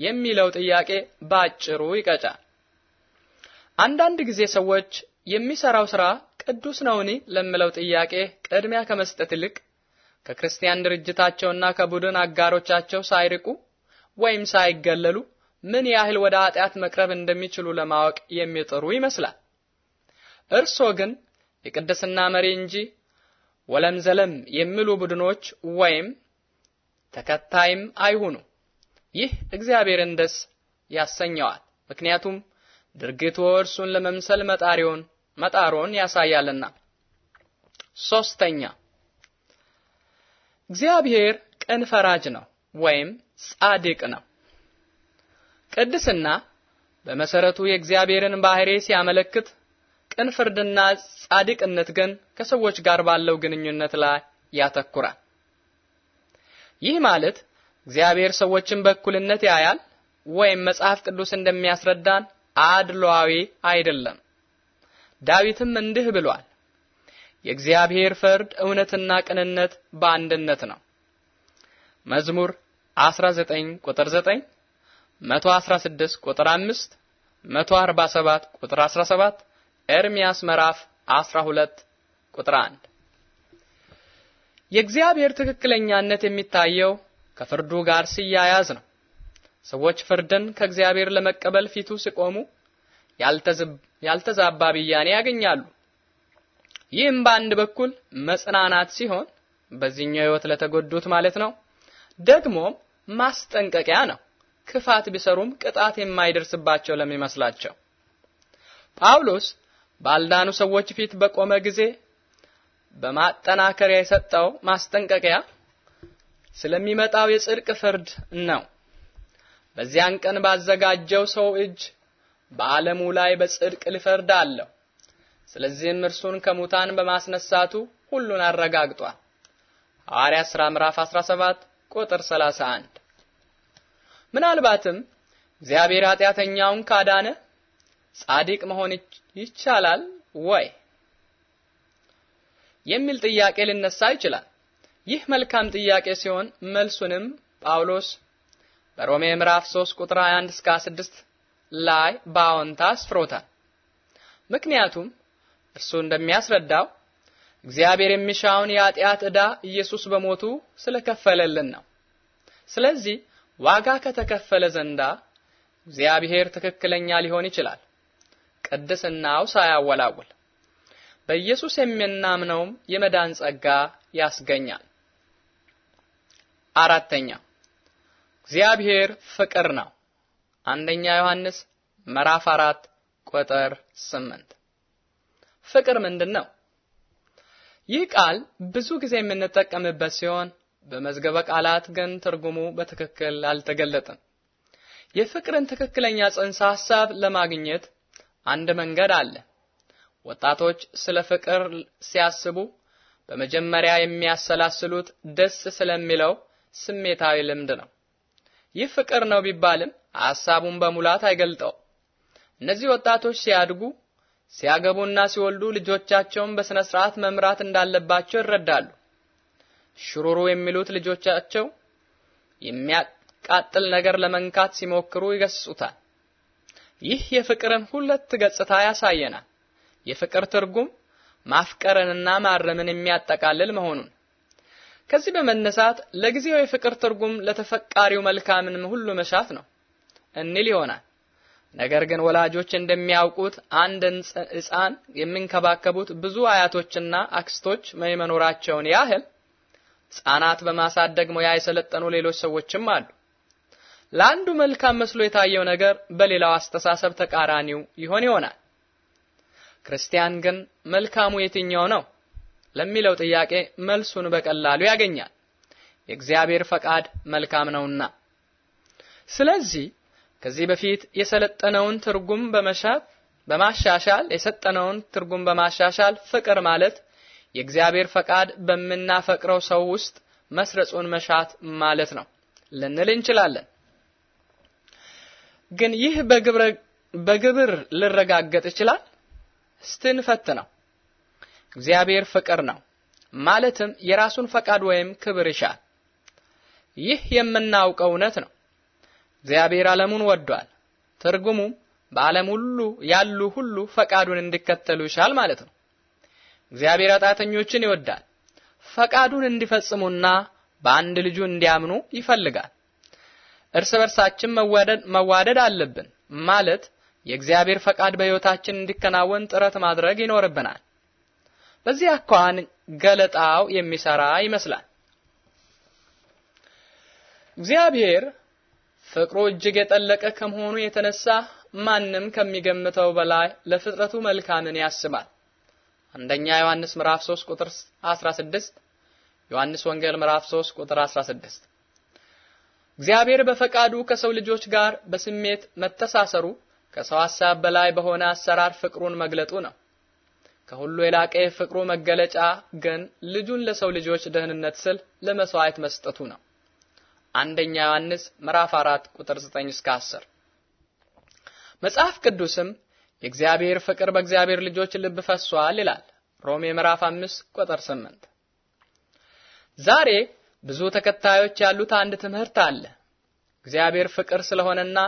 የሚለው ጥያቄ ባጭሩ ይቀጫል። አንዳንድ ጊዜ ሰዎች የሚሰራው ስራ ቅዱስ ነውኒ ለምለው ጥያቄ ቅድሚያ ከመስጠት ይልቅ ከክርስቲያን ድርጅታቸውና ከቡድን አጋሮቻቸው ሳይርቁ ወይም ሳይገለሉ ምን ያህል ወደ ኃጢአት መቅረብ እንደሚችሉ ለማወቅ የሚጥሩ ይመስላል። እርሶ ግን የቅድስና መሪ እንጂ ወለም ዘለም የሚሉ ቡድኖች ወይም ተከታይም አይሁኑ። ይህ እግዚአብሔርን ደስ ያሰኘዋል። ምክንያቱም ድርጊቱ እርሱን ለመምሰል መጣሪውን መጣሮን ያሳያልና። ሶስተኛ እግዚአብሔር ቅን ፈራጅ ነው ወይም ጻድቅ ነው። ቅድስና በመሰረቱ የእግዚአብሔርን ባህሪ ሲያመለክት፣ ቅን ፍርድና ጻድቅነት ግን ከሰዎች ጋር ባለው ግንኙነት ላይ ያተኩራል። ይህ ማለት እግዚአብሔር ሰዎችን በእኩልነት ያያል ወይም መጽሐፍ ቅዱስ እንደሚያስረዳን አድሏዊ አይደለም። ዳዊትም እንዲህ ብሏል፣ የእግዚአብሔር ፍርድ እውነትና ቅንነት በአንድነት ነው። መዝሙር 19 ቁጥር 9 116 ቁጥር 5 147 ቁጥር 17 ኤርሚያስ ምዕራፍ 12 ቁጥር 1 የእግዚአብሔር ትክክለኛነት የሚታየው ከፍርዱ ጋር ሲያያዝ ነው። ሰዎች ፍርድን ከእግዚአብሔር ለመቀበል ፊቱ ሲቆሙ ያልተዛባ ብያኔ ያገኛሉ። ይህም በአንድ በኩል መጽናናት ሲሆን በዚህኛው ህይወት ለተጎዱት ማለት ነው። ደግሞም ማስጠንቀቂያ ነው። ክፋት ቢሰሩም ቅጣት የማይደርስባቸው ለሚመስላቸው ጳውሎስ ባልዳኑ ሰዎች ፊት በቆመ ጊዜ በማጠናከሪያ የሰጠው ማስጠንቀቂያ ስለሚመጣው የጽድቅ ፍርድ ነው። በዚያን ቀን ባዘጋጀው ሰው እጅ በዓለሙ ላይ በጽድቅ ሊፈርድ አለው። ስለዚህም እርሱን ከሙታን በማስነሳቱ ሁሉን አረጋግጧል። ሐዋርያት ሥራ ምዕራፍ 17 ቁጥር 31። ምናልባትም እግዚአብሔር ኃጢአተኛውን ካዳነ ጻድቅ መሆን ይቻላል ወይ የሚል ጥያቄ ሊነሳ ይችላል። ይህ መልካም ጥያቄ ሲሆን መልሱንም ጳውሎስ በሮሜ ምዕራፍ 3 ቁጥር 21 እስከ 26 ላይ በአዎንታ አስፍሮታል። ምክንያቱም እርሱ እንደሚያስረዳው እግዚአብሔር የሚሻውን የኃጢአት ዕዳ ኢየሱስ በሞቱ ስለከፈለልን ነው። ስለዚህ ዋጋ ከተከፈለ ዘንዳ እግዚአብሔር ትክክለኛ ሊሆን ይችላል፣ ቅድስናው ሳያወላውል። በኢየሱስ የምናምነውም የመዳን ጸጋ ያስገኛል። አራተኛ እግዚአብሔር ፍቅር ነው። አንደኛ ዮሐንስ ምዕራፍ 4 ቁጥር 8 ፍቅር ምንድን ነው? ይህ ቃል ብዙ ጊዜ የምንጠቀምበት ሲሆን በመዝገበ ቃላት ግን ትርጉሙ በትክክል አልተገለጠም። የፍቅርን ትክክለኛ ጽንሰ ሐሳብ ለማግኘት አንድ መንገድ አለ። ወጣቶች ስለ ፍቅር ሲያስቡ በመጀመሪያ የሚያሰላስሉት ደስ ስለሚለው ስሜታዊ ልምድ ነው። ይህ ፍቅር ነው ቢባልም ሐሳቡን በሙላት አይገልጠው። እነዚህ ወጣቶች ሲያድጉ ሲያገቡና ሲወልዱ ልጆቻቸውን በሥነ-ሥርዓት መምራት እንዳለባቸው ይረዳሉ። ሽሩሩ የሚሉት ልጆቻቸው የሚያቃጥል ነገር ለመንካት ሲሞክሩ ይገስጹታል። ይህ የፍቅርን ሁለት ገጽታ ያሳየናል። የፍቅር ትርጉም ማፍቀርንና ማረምን የሚያጠቃልል መሆኑን ከዚህ በመነሳት ለጊዜው የፍቅር ትርጉም ለተፈቃሪው መልካምን ሁሉ መሻት ነው እንል ይሆናል። ነገር ግን ወላጆች እንደሚያውቁት አንድ ሕፃን የሚንከባከቡት ብዙ አያቶችና አክስቶች መኖራቸውን ያህል ሕፃናት በማሳደግ ሙያ የሰለጠኑ ሌሎች ሰዎችም አሉ። ለአንዱ መልካም መስሎ የታየው ነገር በሌላው አስተሳሰብ ተቃራኒው ይሆን ይሆናል። ክርስቲያን ግን መልካሙ የትኛው ነው ለሚለው ጥያቄ መልሱን በቀላሉ ያገኛል። የእግዚአብሔር ፈቃድ መልካም ነውና። ስለዚህ ከዚህ በፊት የሰለጠነውን ትርጉም በመሻት በማሻሻል የሰጠነውን ትርጉም በማሻሻል ፍቅር ማለት የእግዚአብሔር ፈቃድ በምናፈቅረው ሰው ውስጥ መስረጹን መሻት ማለት ነው ልንል እንችላለን። ግን ይህ በግብር ልረጋገጥ ይችላል? ስትንፈት ነው። እግዚአብሔር ፍቅር ነው ማለትም የራሱን ፈቃድ ወይም ክብር ይሻል። ይህ የምናውቀው እውነት ነው። እግዚአብሔር ዓለሙን ወዷል። ትርጉሙም በዓለም ሁሉ ያሉ ሁሉ ፈቃዱን እንዲከተሉ ይሻል ማለት ነው። እግዚአብሔር አጣተኞችን ይወዳል። ፈቃዱን እንዲፈጽሙና በአንድ ልጁ እንዲያምኑ ይፈልጋል። እርስ በርሳችን መዋደድ መዋደድ አለብን ማለት የእግዚአብሔር ፈቃድ በሕይወታችን እንዲከናወን ጥረት ማድረግ ይኖርብናል። በዚህ አኳን ገለጣው የሚሰራ ይመስላል። እግዚአብሔር ፍቅሩ እጅግ የጠለቀ ከመሆኑ የተነሳ ማንም ከሚገምተው በላይ ለፍጥረቱ መልካምን ያስባል። አንደኛ ዮሐንስ ምዕራፍ 3 ቁጥር 16፣ ዮሐንስ ወንጌል ምዕራፍ 3 ቁጥር 16። እግዚአብሔር በፈቃዱ ከሰው ልጆች ጋር በስሜት መተሳሰሩ ከሰው ሐሳብ በላይ በሆነ አሰራር ፍቅሩን መግለጡ ነው። ከሁሉ የላቀ የፍቅሩ መገለጫ ግን ልጁን ለሰው ልጆች ደህንነት ስል ለመስዋዕት መስጠቱ ነው። አንደኛ ዮሐንስ ምዕራፍ 4 ቁጥር 9 እስከ 10። መጽሐፍ ቅዱስም የእግዚአብሔር ፍቅር በእግዚአብሔር ልጆች ልብ ፈሷል ይላል። ሮሜ ምዕራፍ 5 ቁጥር 8። ዛሬ ብዙ ተከታዮች ያሉት አንድ ትምህርት አለ። እግዚአብሔር ፍቅር ስለሆነና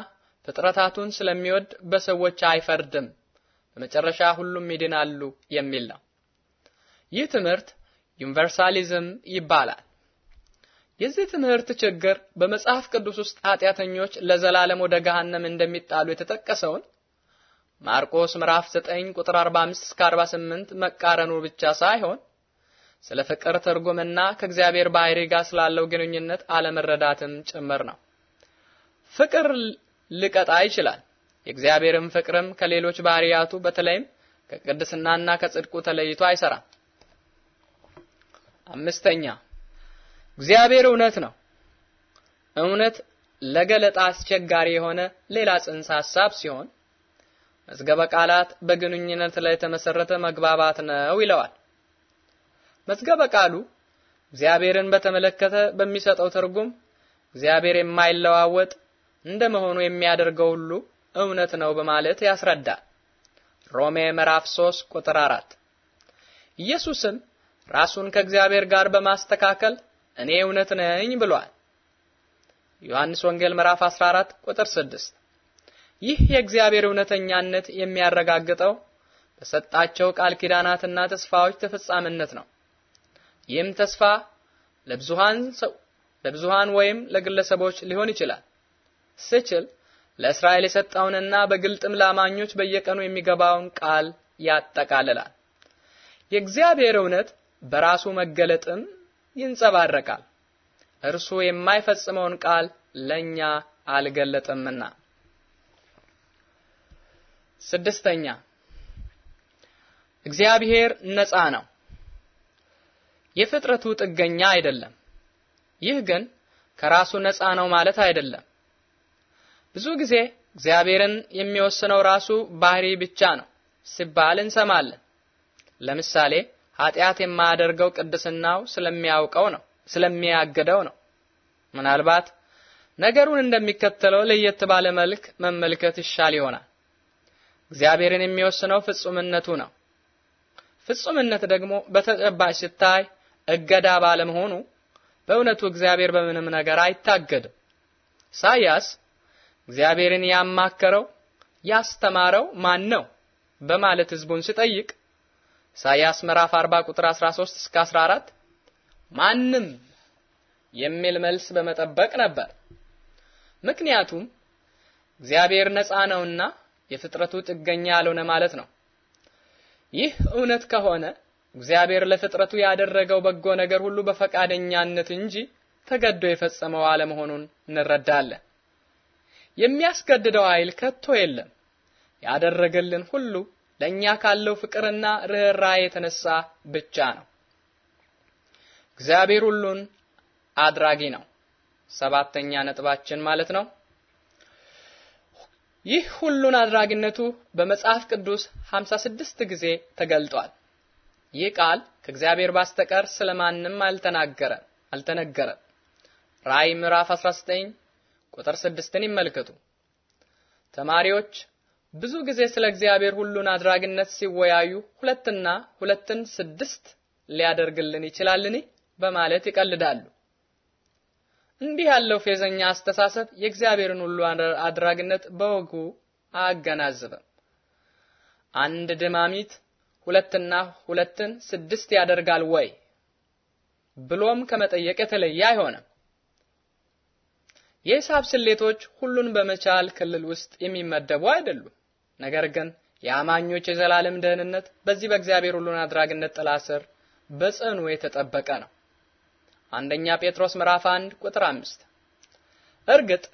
ፍጥረታቱን ስለሚወድ በሰዎች አይፈርድም፣ በመጨረሻ ሁሉም ይድናሉ የሚል ነው። ይህ ትምህርት ዩኒቨርሳሊዝም ይባላል። የዚህ ትምህርት ችግር በመጽሐፍ ቅዱስ ውስጥ ኃጢአተኞች ለዘላለም ወደ ገሃነም እንደሚጣሉ የተጠቀሰውን ማርቆስ ምዕራፍ 9 ቁጥር 45 እስከ 48 መቃረኑ ብቻ ሳይሆን ስለ ፍቅር ትርጉምና ከእግዚአብሔር ባህሪ ጋር ስላለው ግንኙነት አለመረዳትም ጭምር ነው። ፍቅር ሊቀጣ ይችላል። የእግዚአብሔርም ፍቅርም ከሌሎች ባህሪያቱ በተለይም ከቅድስናና ከጽድቁ ተለይቶ አይሰራም። አምስተኛ እግዚአብሔር እውነት ነው። እውነት ለገለጣ አስቸጋሪ የሆነ ሌላ ጽንሰ ሐሳብ ሲሆን መዝገበ ቃላት በግንኙነት ላይ የተመሰረተ መግባባት ነው ይለዋል። መዝገበ ቃሉ እግዚአብሔርን በተመለከተ በሚሰጠው ትርጉም እግዚአብሔር የማይለዋወጥ እንደመሆኑ የሚያደርገው ሁሉ እውነት ነው በማለት ያስረዳል። ሮሜ ምዕራፍ 3 ቁጥር 4 ኢየሱስም ራሱን ከእግዚአብሔር ጋር በማስተካከል እኔ እውነት ነኝ ብሏል። ዮሐንስ ወንጌል ምዕራፍ 14 ቁጥር 6። ይህ የእግዚአብሔር እውነተኛነት የሚያረጋግጠው በሰጣቸው ቃል ኪዳናትና ተስፋዎች ተፈጻሚነት ነው። ይህም ተስፋ ለብዙሃን ሰው ለብዙሃን ወይም ለግለሰቦች ሊሆን ይችላል። ስችል ለእስራኤል የሰጠውንና በግልጥም ለአማኞች በየቀኑ የሚገባውን ቃል ያጠቃልላል። የእግዚአብሔር እውነት በራሱ መገለጥም ይንጸባረቃል። እርሱ የማይፈጽመውን ቃል ለኛ አልገለጠምና። ስድስተኛ እግዚአብሔር ነፃ ነው። የፍጥረቱ ጥገኛ አይደለም። ይህ ግን ከራሱ ነፃ ነው ማለት አይደለም። ብዙ ጊዜ እግዚአብሔርን የሚወስነው ራሱ ባህሪ ብቻ ነው ሲባል እንሰማለን። ለምሳሌ ኃጢአት የማያደርገው ቅድስናው ስለሚያውቀው ነው፣ ስለሚያገደው ነው። ምናልባት ነገሩን እንደሚከተለው ለየት ባለ መልክ መመልከት ይሻል ይሆናል። እግዚአብሔርን የሚወስነው ፍጹምነቱ ነው። ፍጹምነት ደግሞ በተጨባጭ ሲታይ እገዳ ባለመሆኑ በእውነቱ እግዚአብሔር በምንም ነገር አይታገድም። ኢሳይያስ እግዚአብሔርን ያማከረው ያስተማረው ማን ነው በማለት ሕዝቡን ሲጠይቅ ኢሳይያስ ምዕራፍ 40 ቁጥር 13 እስከ 14 ማንም የሚል መልስ በመጠበቅ ነበር። ምክንያቱም እግዚአብሔር ነፃ ነውና የፍጥረቱ ጥገኛ ያልሆነ ማለት ነው። ይህ እውነት ከሆነ እግዚአብሔር ለፍጥረቱ ያደረገው በጎ ነገር ሁሉ በፈቃደኛነት እንጂ ተገዶ የፈጸመው አለመሆኑን እንረዳለን። የሚያስገድደው ኃይል ከቶ የለም። ያደረገልን ሁሉ ለኛ ካለው ፍቅርና ርኅራ የተነሳ ብቻ ነው። እግዚአብሔር ሁሉን አድራጊ ነው። ሰባተኛ ነጥባችን ማለት ነው። ይህ ሁሉን አድራጊነቱ በመጽሐፍ ቅዱስ 56 ጊዜ ተገልጧል። ይህ ቃል ከእግዚአብሔር በስተቀር ስለማንም አልተናገረ አልተነገረ። ራእይ ምዕራፍ 19 ቁጥር 6ን ይመልከቱ ተማሪዎች ብዙ ጊዜ ስለ እግዚአብሔር ሁሉን አድራጊነት ሲወያዩ ሁለትና ሁለትን ስድስት ሊያደርግልን ይችላልን በማለት ይቀልዳሉ። እንዲህ ያለው ፌዘኛ አስተሳሰብ የእግዚአብሔርን ሁሉ አድራጊነት በወጉ አያገናዝብም። አንድ ድማሚት ሁለትና ሁለትን ስድስት ያደርጋል ወይ ብሎም ከመጠየቅ የተለየ አይሆንም። የሂሳብ ስሌቶች ሁሉን በመቻል ክልል ውስጥ የሚመደቡ አይደሉም። ነገር ግን የአማኞች የዘላለም ደህንነት በዚህ በእግዚአብሔር ሁሉን አድራጊነት ጥላ ስር በጽኑ የተጠበቀ ነው። አንደኛ ጴጥሮስ ምዕራፍ 1 ቁጥር 5። እርግጥ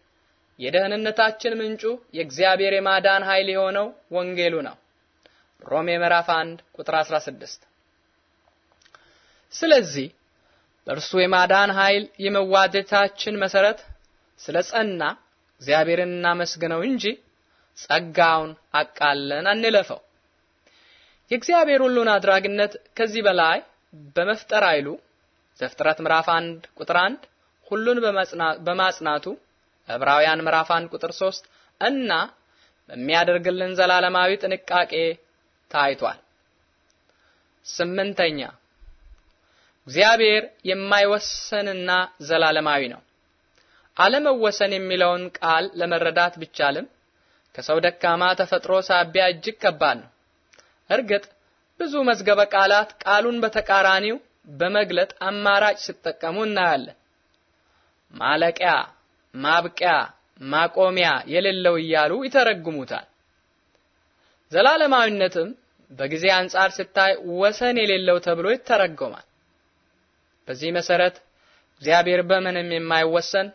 የደህንነታችን ምንጩ የእግዚአብሔር የማዳን ኃይል የሆነው ወንጌሉ ነው። ሮሜ ምዕራፍ 1 ቁጥር 16። ስለዚህ በእርሱ የማዳን ኃይል የመዋደታችን መሰረት ስለ ጸና እግዚአብሔርን እናመስግነው እንጂ ጸጋውን አቃለን አንለፈው። የእግዚአብሔር ሁሉን አድራጊነት ከዚህ በላይ በመፍጠር አይሉ ዘፍጥረት ምዕራፍ 1 ቁጥር 1 ሁሉን በማጽናቱ ዕብራውያን ምዕራፍ 1 ቁጥር 3 እና በሚያደርግልን ዘላለማዊ ጥንቃቄ ታይቷል። ስምንተኛ እግዚአብሔር የማይወሰንና ዘላለማዊ ነው። አለመወሰን የሚለውን ቃል ለመረዳት ቢቻልም ከሰው ደካማ ተፈጥሮ ሳቢያ እጅግ ከባድ ነው። እርግጥ ብዙ መዝገበ ቃላት ቃሉን በተቃራኒው በመግለጥ አማራጭ ሲጠቀሙ እናያለን። ማለቂያ፣ ማብቂያ፣ ማቆሚያ የሌለው እያሉ ይተረጉሙታል። ዘላለማዊነትም በጊዜ አንጻር ሲታይ ወሰን የሌለው ተብሎ ይተረጎማል። በዚህ መሰረት እግዚአብሔር በምንም የማይወሰን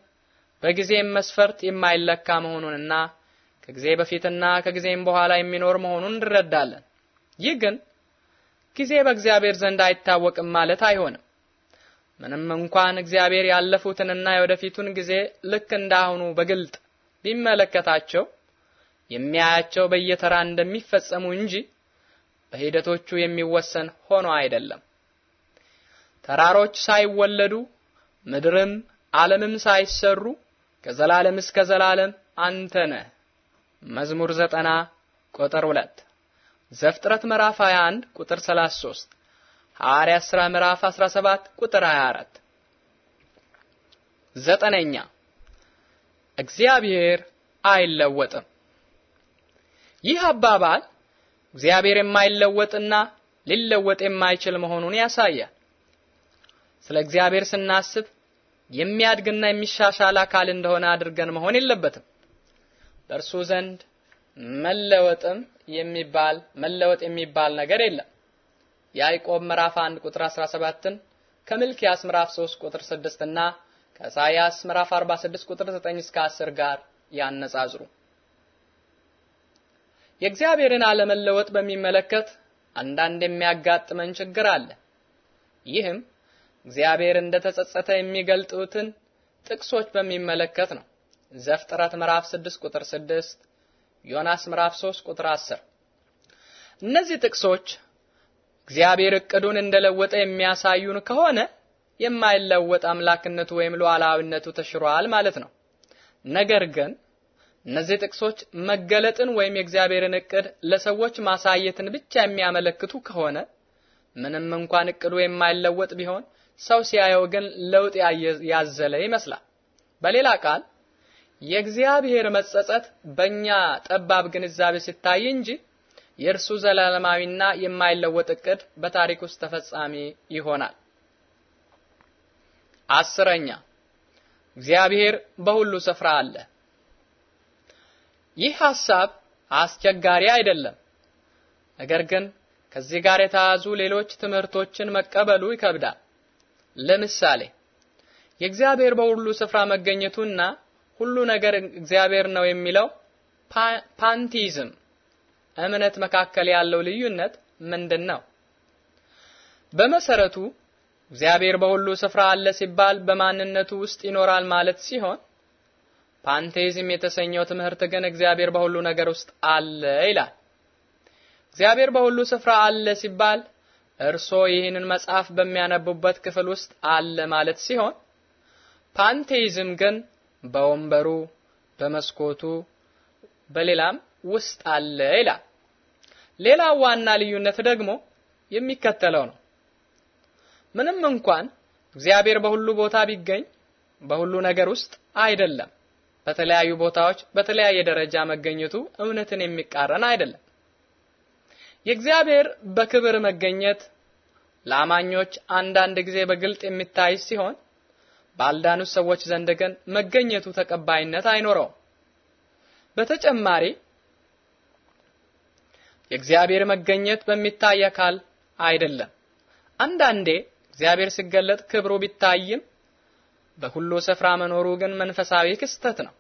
በጊዜም መስፈርት የማይለካ መሆኑንና ከጊዜ በፊትና ከጊዜም በኋላ የሚኖር መሆኑን እንረዳለን። ይህ ግን ጊዜ በእግዚአብሔር ዘንድ አይታወቅም ማለት አይሆንም። ምንም እንኳን እግዚአብሔር ያለፉትንና የወደፊቱን ጊዜ ልክ እንዳሁኑ በግልጥ ቢመለከታቸው የሚያያቸው በየተራ እንደሚፈጸሙ እንጂ በሂደቶቹ የሚወሰን ሆኖ አይደለም። ተራሮች ሳይወለዱ ምድርም ዓለምም ሳይሰሩ ከዘላለም እስከ ዘላለም አንተ ነህ። መዝሙር 90 ቁጥር 2 ዘፍጥረት ምዕራፍ 21 ቁጥር 33 ሐዋርያ 10 ምዕራፍ 17 ቁጥር 24 ዘጠነኛ እግዚአብሔር አይለወጥም። ይህ አባባል እግዚአብሔር የማይለወጥና ሊለወጥ የማይችል መሆኑን ያሳያል። ስለ እግዚአብሔር ስናስብ የሚያድግና የሚሻሻል አካል እንደሆነ አድርገን መሆን የለበትም። በእርሱ ዘንድ መለወጥም የሚባል መለወጥ የሚባል ነገር የለም። ያዕቆብ ምዕራፍ 1 ቁጥር 17ን ከሚልኪያስ ምዕራፍ 3 ቁጥር 6 እና ከኢሳይያስ ምዕራፍ 46 ቁጥር 9 እስከ 10 ጋር ያነጻጽሩ። የእግዚአብሔርን አለመለወጥ በሚመለከት አንዳንድ የሚያጋጥመን ችግር አለ። ይህም እግዚአብሔር እንደተጸጸተ የሚገልጡትን ጥቅሶች በሚመለከት ነው። ዘፍጥረት ምዕራፍ 6 ቁጥር 6፣ ዮናስ ምዕራፍ 3 ቁጥር 10። እነዚህ ጥቅሶች እግዚአብሔር እቅዱን እንደለወጠ የሚያሳዩን ከሆነ የማይለወጥ አምላክነቱ ወይም ሉዓላዊነቱ ተሽሯል ማለት ነው። ነገር ግን እነዚህ ጥቅሶች መገለጥን ወይም የእግዚአብሔርን እቅድ ለሰዎች ማሳየትን ብቻ የሚያመለክቱ ከሆነ ምንም እንኳን እቅዱ የማይለወጥ ቢሆን ሰው ሲያየው ግን ለውጥ ያዘለ ይመስላል። በሌላ ቃል የእግዚአብሔር መጸጸት በእኛ ጠባብ ግንዛቤ ሲታይ እንጂ የእርሱ ዘላለማዊና የማይለወጥ እቅድ በታሪክ ውስጥ ተፈጻሚ ይሆናል። አስረኛ እግዚአብሔር በሁሉ ስፍራ አለ። ይህ ሐሳብ አስቸጋሪ አይደለም። ነገር ግን ከዚህ ጋር የተያዙ ሌሎች ትምህርቶችን መቀበሉ ይከብዳል። ለምሳሌ የእግዚአብሔር በሁሉ ስፍራ መገኘቱና ሁሉ ነገር እግዚአብሔር ነው የሚለው ፓንቲዝም እምነት መካከል ያለው ልዩነት ምንድን ነው? በመሰረቱ እግዚአብሔር በሁሉ ስፍራ አለ ሲባል በማንነቱ ውስጥ ይኖራል ማለት ሲሆን ፓንቴዝም የተሰኘው ትምህርት ግን እግዚአብሔር በሁሉ ነገር ውስጥ አለ ይላል። እግዚአብሔር በሁሉ ስፍራ አለ ሲባል እርሶ ይህንን መጽሐፍ በሚያነቡበት ክፍል ውስጥ አለ ማለት ሲሆን ፓንቴዝም ግን በወንበሩ፣ በመስኮቱ፣ በሌላም ውስጥ አለ ይላል። ሌላ ዋና ልዩነት ደግሞ የሚከተለው ነው። ምንም እንኳን እግዚአብሔር በሁሉ ቦታ ቢገኝ በሁሉ ነገር ውስጥ አይደለም። በተለያዩ ቦታዎች በተለያየ ደረጃ መገኘቱ እምነትን የሚቃረን አይደለም። የእግዚአብሔር በክብር መገኘት ለአማኞች አንዳንድ ጊዜ በግልጥ የሚታይ ሲሆን ባልዳኑት ሰዎች ዘንድ ግን መገኘቱ ተቀባይነት አይኖረውም። በተጨማሪ የእግዚአብሔር መገኘት በሚታይ አካል አይደለም። አንዳንዴ እግዚአብሔር ሲገለጥ ክብሩ ቢታይም በሁሉ ስፍራ መኖሩ ግን መንፈሳዊ ክስተት ነው።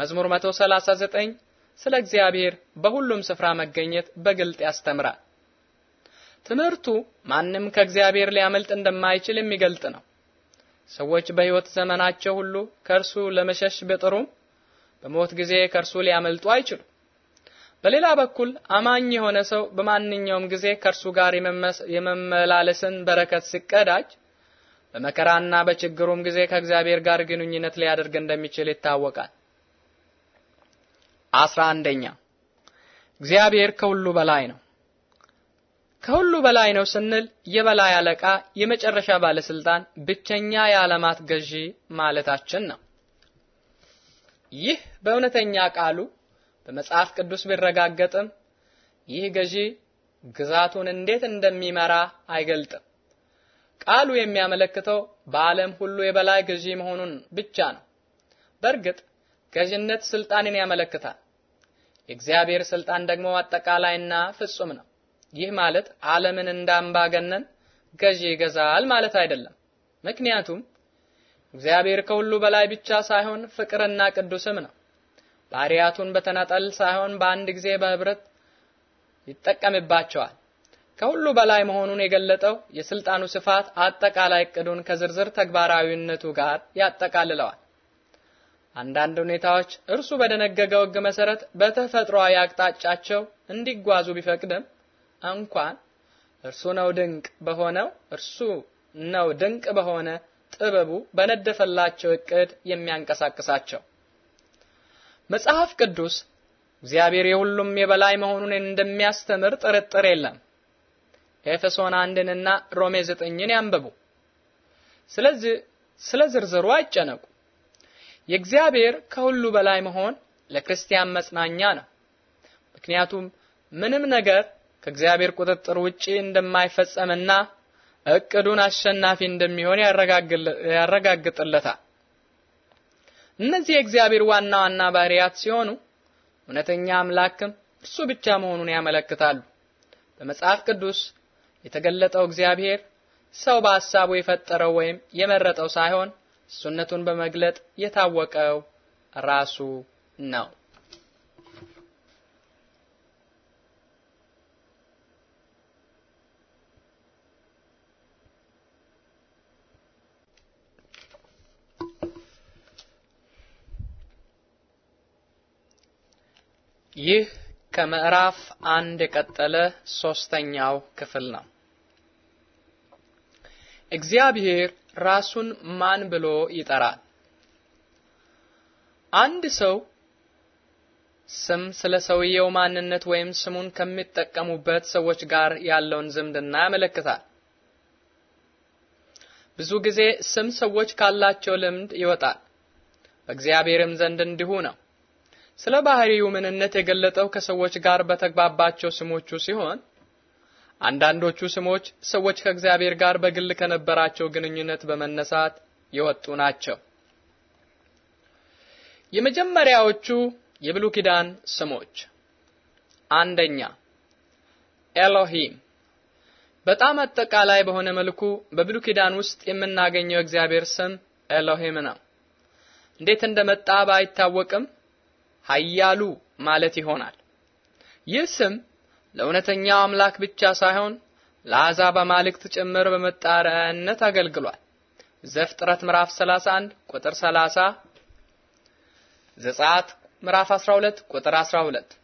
መዝሙር 139 ስለ እግዚአብሔር በሁሉም ስፍራ መገኘት በግልጥ ያስተምራል። ትምህርቱ ማንም ከእግዚአብሔር ሊያመልጥ እንደማይችል የሚገልጥ ነው። ሰዎች በሕይወት ዘመናቸው ሁሉ ከእርሱ ለመሸሽ ቢጥሩም በሞት ጊዜ ከእርሱ ሊያመልጡ አይችሉ። በሌላ በኩል አማኝ የሆነ ሰው በማንኛውም ጊዜ ከእርሱ ጋር የመመላለስን በረከት ሲቀዳጅ በመከራና በችግሩም ጊዜ ከእግዚአብሔር ጋር ግንኙነት ሊያደርግ እንደሚችል ይታወቃል። አስራ አንደኛ እግዚአብሔር ከሁሉ በላይ ነው። ከሁሉ በላይ ነው ስንል የበላይ አለቃ የመጨረሻ ባለስልጣን ብቸኛ የዓለማት ገዢ ማለታችን ነው። ይህ በእውነተኛ ቃሉ በመጽሐፍ ቅዱስ ቢረጋገጥም ይህ ገዢ ግዛቱን እንዴት እንደሚመራ አይገልጥም። ቃሉ የሚያመለክተው በዓለም ሁሉ የበላይ ገዢ መሆኑን ብቻ ነው። በእርግጥ ገዥነት ስልጣንን ያመለክታል። የእግዚአብሔር ስልጣን ደግሞ አጠቃላይና ፍጹም ነው። ይህ ማለት ዓለምን እንዳምባገነን ገዢ ይገዛል ማለት አይደለም። ምክንያቱም እግዚአብሔር ከሁሉ በላይ ብቻ ሳይሆን ፍቅርና ቅዱስም ነው። ባሪያቱን በተናጠል ሳይሆን በአንድ ጊዜ በህብረት ይጠቀምባቸዋል። ከሁሉ በላይ መሆኑን የገለጠው የስልጣኑ ስፋት አጠቃላይ እቅዱን ከዝርዝር ተግባራዊነቱ ጋር ያጠቃልለዋል። አንዳንድ ሁኔታዎች እርሱ በደነገገው ህግ መሰረት በተፈጥሯዊ አቅጣጫቸው እንዲጓዙ ቢፈቅድም እንኳን እርሱ ነው ድንቅ በሆነው እርሱ ነው ድንቅ በሆነ ጥበቡ በነደፈላቸው እቅድ የሚያንቀሳቅሳቸው። መጽሐፍ ቅዱስ እግዚአብሔር የሁሉም የበላይ መሆኑን እንደሚያስተምር ጥርጥር የለም። ኤፌሶን አንድንና ሮሜ ዘጠኝን ያንብቡ። ስለዚህ ስለ ዝርዝሩ አይጨነቁ። የእግዚአብሔር ከሁሉ በላይ መሆን ለክርስቲያን መጽናኛ ነው። ምክንያቱም ምንም ነገር ከእግዚአብሔር ቁጥጥር ውጪ እንደማይፈጸምና እቅዱን አሸናፊ እንደሚሆን ያረጋግጥለታል። እነዚህ የእግዚአብሔር ዋና ዋና ባህሪያት ሲሆኑ እውነተኛ አምላክም እርሱ ብቻ መሆኑን ያመለክታሉ። በመጽሐፍ ቅዱስ የተገለጠው እግዚአብሔር ሰው በሐሳቡ የፈጠረው ወይም የመረጠው ሳይሆን እሱነቱን በመግለጥ የታወቀው ራሱ ነው። ይህ ከምዕራፍ አንድ የቀጠለ ሶስተኛው ክፍል ነው። እግዚአብሔር ራሱን ማን ብሎ ይጠራል? አንድ ሰው ስም ስለ ሰውየው ማንነት ወይም ስሙን ከሚጠቀሙበት ሰዎች ጋር ያለውን ዝምድና ያመለክታል። ብዙ ጊዜ ስም ሰዎች ካላቸው ልምድ ይወጣል፣ በእግዚአብሔርም ዘንድ እንዲሁ ነው። ስለ ባህሪው ምንነት የገለጠው ከሰዎች ጋር በተግባባቸው ስሞቹ ሲሆን አንዳንዶቹ ስሞች ሰዎች ከእግዚአብሔር ጋር በግል ከነበራቸው ግንኙነት በመነሳት የወጡ ናቸው። የመጀመሪያዎቹ የብሉይ ኪዳን ስሞች አንደኛ ኤሎሂም በጣም አጠቃላይ በሆነ መልኩ በብሉይ ኪዳን ውስጥ የምናገኘው የእግዚአብሔር ስም ኤሎሂም ነው። እንዴት እንደመጣ ባይታወቅም ኃያሉ ማለት ይሆናል። ይህ ስም ለእውነተኛው አምላክ ብቻ ሳይሆን ለአዛ በማልክት ጭምር በመጣሪያነት አገልግሏል። ዘፍጥረት ምዕራፍ 31 ቁጥር 30፣ ዘጸአት ምዕራፍ 12 ቁጥር 12።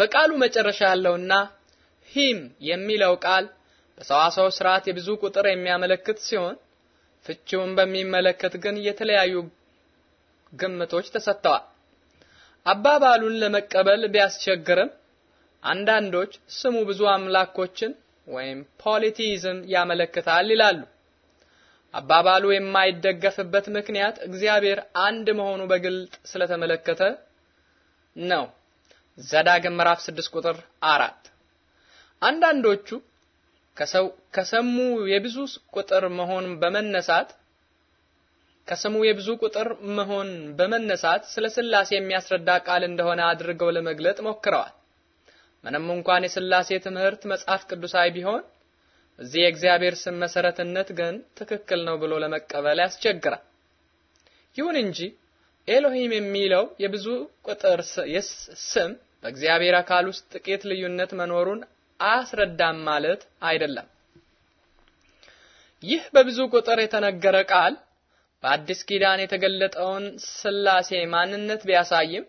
በቃሉ መጨረሻ ያለውና ሂም የሚለው ቃል በሰዋሰው ስርዓት የብዙ ቁጥር የሚያመለክት ሲሆን ፍቺውን በሚመለከት ግን የተለያዩ ግምቶች ተሰጥተዋል። አባባሉን ለመቀበል ቢያስቸግርም አንዳንዶች ስሙ ብዙ አምላኮችን ወይም ፖሊቲዝም ያመለክታል ይላሉ። አባባሉ የማይደገፍበት ምክንያት እግዚአብሔር አንድ መሆኑ በግልጥ ስለተመለከተ ነው። ዘዳግም ምዕራፍ 6 ቁጥር 4 አንዳንዶቹ ከሰው ከሰሙ የብዙ ቁጥር መሆን በመነሳት ከስሙ የብዙ ቁጥር መሆን በመነሳት ስለ ስላሴ የሚያስረዳ ቃል እንደሆነ አድርገው ለመግለጥ ሞክረዋል። ምንም እንኳን የስላሴ ትምህርት መጽሐፍ ቅዱሳዊ ቢሆን እዚህ የእግዚአብሔር ስም መሰረትነት ግን ትክክል ነው ብሎ ለመቀበል ያስቸግራል። ይሁን እንጂ ኤሎሂም የሚለው የብዙ ቁጥር ስም በእግዚአብሔር አካል ውስጥ ጥቂት ልዩነት መኖሩን አያስረዳም ማለት አይደለም። ይህ በብዙ ቁጥር የተነገረ ቃል በአዲስ ኪዳን የተገለጠውን ስላሴ ማንነት ቢያሳይም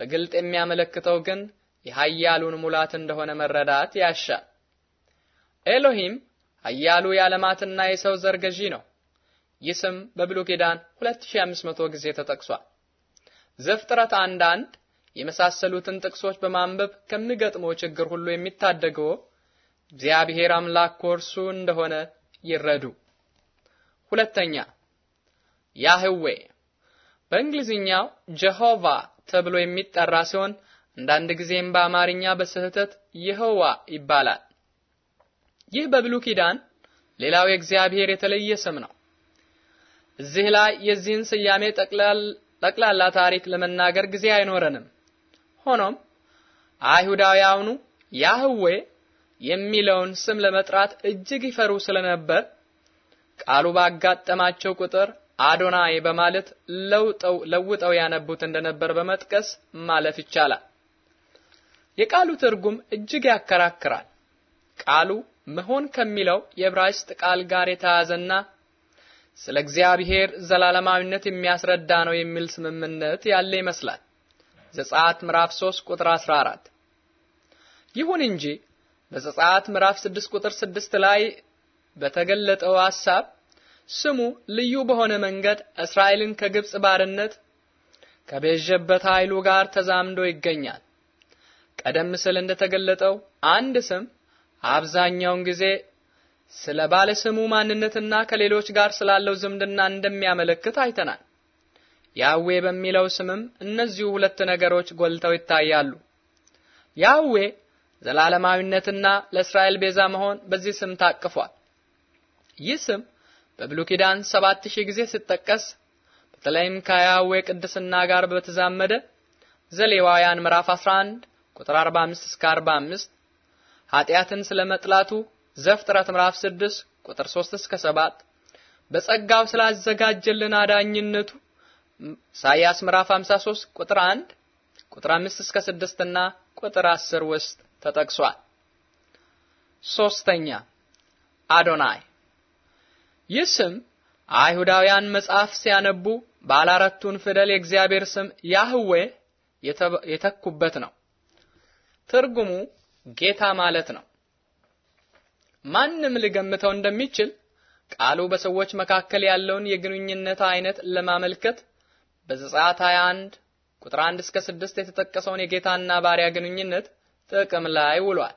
በግልጥ የሚያመለክተው ግን የኃያሉን ሙላት እንደሆነ መረዳት ያሻል። ኤሎሂም ኃያሉ የዓለማትና የሰው ዘር ገዢ ነው። ይህ ስም በብሉይ ኪዳን 2500 ጊዜ ተጠቅሷል። ዘፍጥረት አንዳንድ የመሳሰሉትን ጥቅሶች በማንበብ ከሚገጥመው ችግር ሁሉ የሚታደገው እግዚአብሔር አምላክ ኮርሱ እንደሆነ ይረዱ። ሁለተኛ ያህዌ በእንግሊዝኛው ጀሆቫ ተብሎ የሚጠራ ሲሆን አንዳንድ ጊዜም በአማርኛ በስህተት ይህዋ ይባላል። ይህ በብሉ ኪዳን ሌላው የእግዚአብሔር የተለየ ስም ነው። እዚህ ላይ የዚህን ስያሜ ጠቅላላ ታሪክ ለመናገር ጊዜ አይኖረንም። ሆኖም አይሁዳውያኑ ያህዌ የሚለውን ስም ለመጥራት እጅግ ይፈሩ ስለነበር ቃሉ ባጋጠማቸው ቁጥር አዶናይ በማለት ለውጠው ለውጠው ያነቡት እንደነበር በመጥቀስ ማለፍ ይቻላል። የቃሉ ትርጉም እጅግ ያከራክራል። ቃሉ መሆን ከሚለው የዕብራይስጥ ቃል ጋር የተያዘና ስለ እግዚአብሔር ዘላለማዊነት የሚያስረዳ ነው የሚል ስምምነት ያለ ይመስላል። ዘጸአት ምዕራፍ 3 ቁጥር 14። ይሁን እንጂ በዘጸአት ምዕራፍ 6 ቁጥር 6 ላይ በተገለጠው ሐሳብ ስሙ ልዩ በሆነ መንገድ እስራኤልን ከግብጽ ባርነት ከቤዠበት ኃይሉ ጋር ተዛምዶ ይገኛል። ቀደም ሲል እንደተገለጠው አንድ ስም አብዛኛውን ጊዜ ስለ ባለ ስሙ ማንነትና ከሌሎች ጋር ስላለው ዝምድና እንደሚያመለክት አይተናል። ያዌ በሚለው ስምም እነዚሁ ሁለት ነገሮች ጎልተው ይታያሉ። ያዌ ዘላለማዊነትና ለእስራኤል ቤዛ መሆን በዚህ ስም ታቅፏል። ይህ ስም በብሉይ ኪዳን 7000 ጊዜ ሲጠቀስ በተለይም ከያዌ ቅድስና ጋር በተዛመደ ዘሌዋውያን ምዕራፍ 11 ቁጥር 45 እስከ 45 ኃጢአትን ስለመጥላቱ ዘፍጥረት ምዕራፍ 6 ቁጥር 3 እስከ 7 በጸጋው ስላዘጋጀልን አዳኝነቱ ኢሳይያስ ምዕራፍ 53 ቁጥር 1 ቁጥር 5 እስከ 6 እና ቁጥር 10 ውስጥ ተጠቅሷል። ሶስተኛ አዶናይ ይህ ስም አይሁዳውያን መጽሐፍ ሲያነቡ ባለ አራቱን ፊደል የእግዚአብሔር ስም ያህዌ የተኩበት ነው። ትርጉሙ ጌታ ማለት ነው። ማንም ሊገምተው እንደሚችል ቃሉ በሰዎች መካከል ያለውን የግንኙነት አይነት ለማመልከት በዘጸአት 21 ቁጥር 1 እስከ 6 የተጠቀሰውን የጌታና ባሪያ ግንኙነት ጥቅም ላይ ውሏል።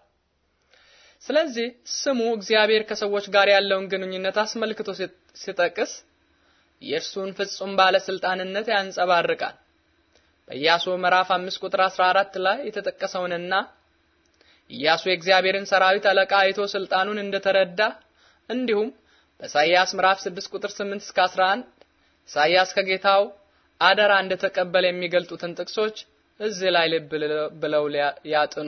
ስለዚህ ስሙ እግዚአብሔር ከሰዎች ጋር ያለውን ግንኙነት አስመልክቶ ሲጠቅስ የእርሱን ፍጹም ባለስልጣንነት ያንጸባርቃል። በኢያሱ ምዕራፍ 5 ቁጥር 14 ላይ የተጠቀሰውንና ኢያሱ የእግዚአብሔርን ሰራዊት አለቃ አይቶ ስልጣኑን እንደተረዳ እንዲሁም በኢሳይያስ ምዕራፍ 6 ቁጥር 8 እስከ 11 ኢሳይያስ ከጌታው አደራ እንደተቀበለ የሚገልጡትን ጥቅሶች እዚህ ላይ ልብ ብለው ያጥኑ።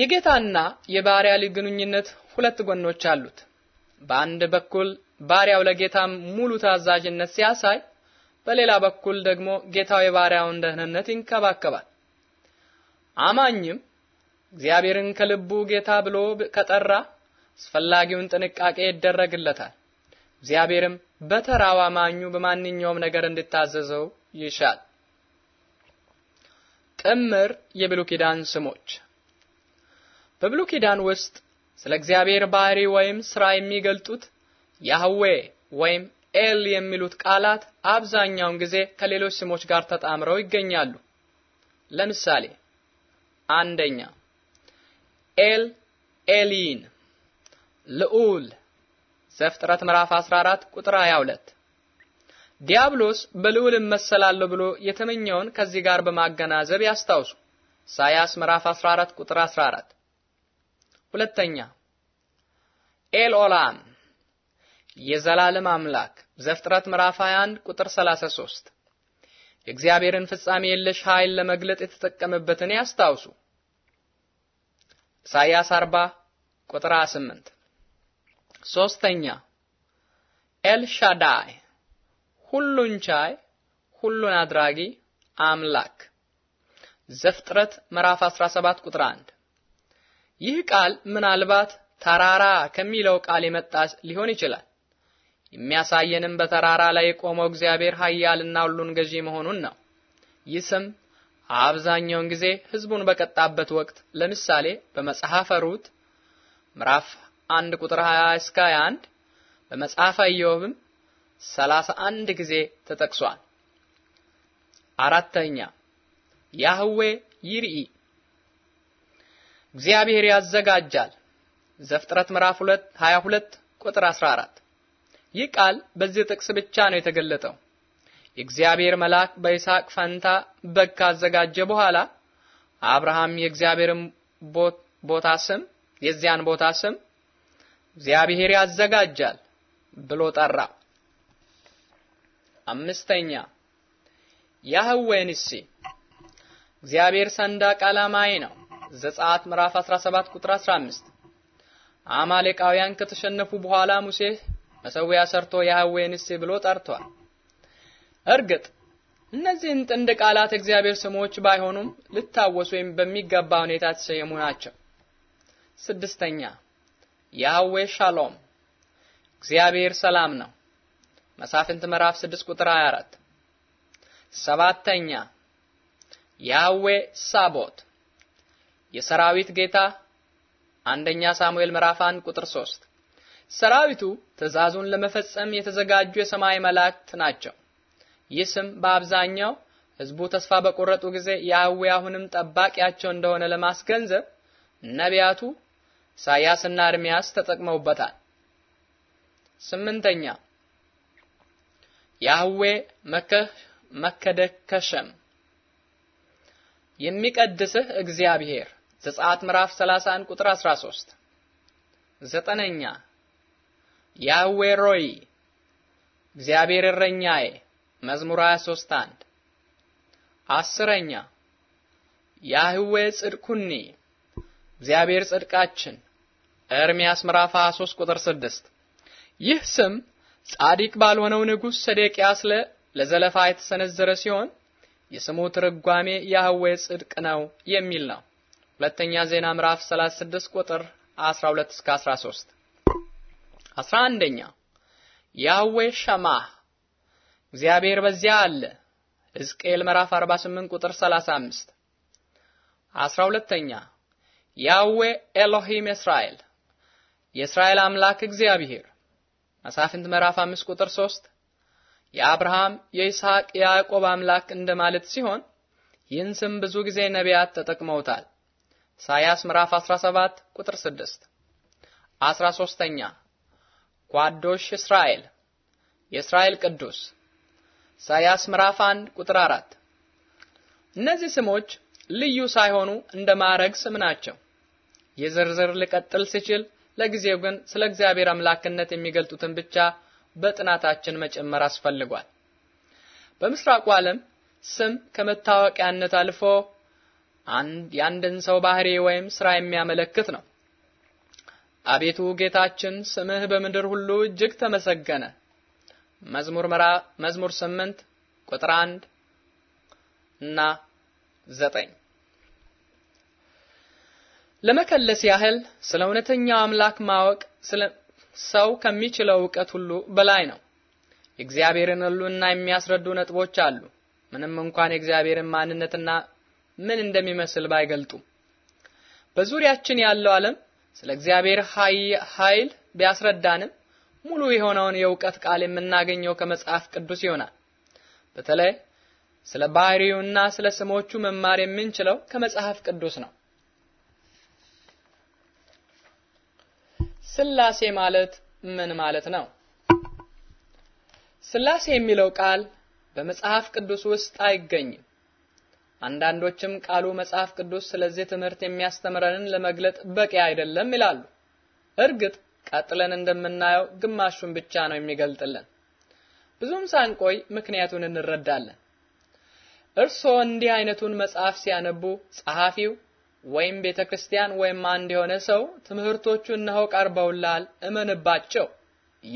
የጌታና የባሪያ ልጅ ግንኙነት ሁለት ጎኖች አሉት። በአንድ በኩል ባሪያው ለጌታ ሙሉ ታዛዥነት ሲያሳይ፣ በሌላ በኩል ደግሞ ጌታው የባሪያውን ደህንነት ይንከባከባል። አማኝም እግዚአብሔርን ከልቡ ጌታ ብሎ ከጠራ አስፈላጊውን ጥንቃቄ ይደረግለታል። እግዚአብሔርም በተራው አማኙ በማንኛውም ነገር እንድታዘዘው ይሻል። ጥምር የብሉይ ኪዳን ስሞች በብሉይ ኪዳን ውስጥ ስለ እግዚአብሔር ባህሪ ወይም ስራ የሚገልጡት ያህዌ ወይም ኤል የሚሉት ቃላት አብዛኛውን ጊዜ ከሌሎች ስሞች ጋር ተጣምረው ይገኛሉ። ለምሳሌ አንደኛ ኤል ኤሊን ልዑል ዘፍጥረት ምዕራፍ 14 ቁጥር 22 ዲያብሎስ በልዑል እመሰላለሁ ብሎ የተመኘውን ከዚህ ጋር በማገናዘብ ያስታውሱ። ኢሳይያስ ምዕራፍ 14 ቁጥር 14 ሁለተኛ ኤልኦላም የዘላለም አምላክ ዘፍጥረት ምዕራፍ 21 ቁጥር 33 የእግዚአብሔርን ፍጻሜ የለሽ ኃይል ለመግለጥ የተጠቀመበትን ያስታውሱ። ኢሳይያስ 40 ቁጥር 28 ሶስተኛ ኤልሻዳይ ሁሉን ቻይ ሁሉን አድራጊ አምላክ ዘፍጥረት ምዕራፍ 17 ቁጥር 1 ይህ ቃል ምናልባት ተራራ ከሚለው ቃል የመጣ ሊሆን ይችላል። የሚያሳየንም በተራራ ላይ የቆመው እግዚአብሔር ኃያልና ሁሉን ገዢ መሆኑን ነው። ይህ ስም አብዛኛውን ጊዜ ሕዝቡን በቀጣበት ወቅት ለምሳሌ በመጽሐፈ ሩት ምዕራፍ 1 ቁጥር 20 እስከ 21 በመጽሐፈ ኢዮብም 31 ጊዜ ተጠቅሷል። አራተኛ ያህዌ ይርኢ እግዚአብሔር ያዘጋጃል። ዘፍጥረት ምዕራፍ 2 22 ቁጥር 14። ይህ ቃል በዚህ ጥቅስ ብቻ ነው የተገለጠው። የእግዚአብሔር መልአክ በይስሐቅ ፈንታ በግ ካዘጋጀ በኋላ አብርሃም የእግዚአብሔርን ቦታ ስም የዚያን ቦታ ስም እግዚአብሔር ያዘጋጃል ብሎ ጠራ። አምስተኛ ያህዌን እሲ እግዚአብሔር ሰንደቅ ዓላማዬ ነው ዘጸአት ምዕራፍ 17 ቁጥር 15 አማሌቃውያን ከተሸነፉ በኋላ ሙሴ መሰዊያ ሰርቶ ያህዌን ንሴ ብሎ ጠርቷል። እርግጥ እነዚህን ጥንድ ቃላት እግዚአብሔር ስሞች ባይሆኑም ልታወሱ ወይም በሚገባ ሁኔታ የተሰየሙ ናቸው። ስድስተኛ ያህዌ ሻሎም እግዚአብሔር ሰላም ነው። መሳፍንት ምዕራፍ 6 ቁጥር 24። ሰባተኛ ያህዌ ሳቦት የሰራዊት ጌታ አንደኛ ሳሙኤል ምዕራፍ 1 ቁጥር 3 ሰራዊቱ ትእዛዙን ለመፈጸም የተዘጋጁ የሰማይ መላእክት ናቸው። ይህ ስም በአብዛኛው ህዝቡ ተስፋ በቆረጡ ጊዜ ያህዌ አሁንም ጠባቂያቸው እንደሆነ ለማስገንዘብ ነቢያቱ ኢሳያስና ኤርሚያስ ተጠቅመውበታል። ስምንተኛ ያህዌ መከደከሸም የሚቀድስህ እግዚአብሔር ዘጸአት ምዕራፍ 31 ቁጥር 13። ዘጠነኛ ያህዌ ሮይ እግዚአብሔር እረኛዬ መዝሙር 23 1 አስረኛ ያህዌ ጽድቁኒ እግዚአብሔር ጽድቃችን ኤርምያስ ምዕራፍ 23 ቁጥር 6። ይህ ስም ጻድቅ ባልሆነው ንጉሥ ሰዴቅያስ ለዘለፋ የተሰነዘረ ሲሆን የስሙ ትርጓሜ ያህዌ ጽድቅ ነው የሚል ነው። ሁለተኛ ዜና ምዕራፍ 36 ቁጥር 12 እስከ 13 11ኛ ያህዌ ሸማህ እግዚአብሔር በዚያ አለ። ሕዝቅኤል ምዕራፍ 48 ቁጥር 35 12ኛ ያህዌ ኤሎሂም እስራኤል የእስራኤል አምላክ እግዚአብሔር መሳፍንት ምዕራፍ 5 ቁጥር 3 የአብርሃም የይስሐቅ የያዕቆብ አምላክ እንደማለት ሲሆን ይህን ስም ብዙ ጊዜ ነቢያት ተጠቅመውታል። ኢሳይያስ ምዕራፍ 17 ቁጥር 6 13ኛ ጓዶሽ እስራኤል የእስራኤል ቅዱስ ኢሳይያስ ምዕራፍ 1 ቁጥር 4 እነዚህ ስሞች ልዩ ሳይሆኑ እንደ ማዕረግ ስም ናቸው። የዝርዝር ልቀጥል ሲችል ለጊዜው ግን ስለ እግዚአብሔር አምላክነት የሚገልጡትን ብቻ በጥናታችን መጨመር አስፈልጓል። በምስራቁ ዓለም ስም ከመታወቂያነት አልፎ አንድ የአንድን ሰው ባህሪ ወይም ስራ የሚያመለክት ነው። አቤቱ ጌታችን ስምህ በምድር ሁሉ እጅግ ተመሰገነ። መዝሙር መራ መዝሙር 8 ቁጥር 1 እና 9 ለመከለስ ያህል ስለ እውነተኛው አምላክ ማወቅ ስለ ሰው ከሚችለው እውቀት ሁሉ በላይ ነው። የእግዚአብሔርን ሕልውና የሚያስረዱ ነጥቦች አሉ። ምንም እንኳን የእግዚአብሔርን ማንነትና ምን እንደሚመስል ባይገልጡም በዙሪያችን ያለው ዓለም ስለ እግዚአብሔር ኃይል ቢያስረዳንም ሙሉ የሆነውን የእውቀት ቃል የምናገኘው ከመጽሐፍ ቅዱስ ይሆናል። በተለይ ስለ ባህሪውና ስለ ስሞቹ መማር የምንችለው ከመጽሐፍ ቅዱስ ነው። ስላሴ ማለት ምን ማለት ነው? ስላሴ የሚለው ቃል በመጽሐፍ ቅዱስ ውስጥ አይገኝም። አንዳንዶችም ቃሉ መጽሐፍ ቅዱስ ስለዚህ ትምህርት የሚያስተምረንን ለመግለጥ በቂ አይደለም ይላሉ። እርግጥ ቀጥለን እንደምናየው ግማሹን ብቻ ነው የሚገልጥልን። ብዙም ሳንቆይ ምክንያቱን እንረዳለን። እርስዎ እንዲህ አይነቱን መጽሐፍ ሲያነቡ ጸሐፊው ወይም ቤተ ክርስቲያን ወይም አንድ የሆነ ሰው ትምህርቶቹ እነሆ ቀርበውላል እመንባቸው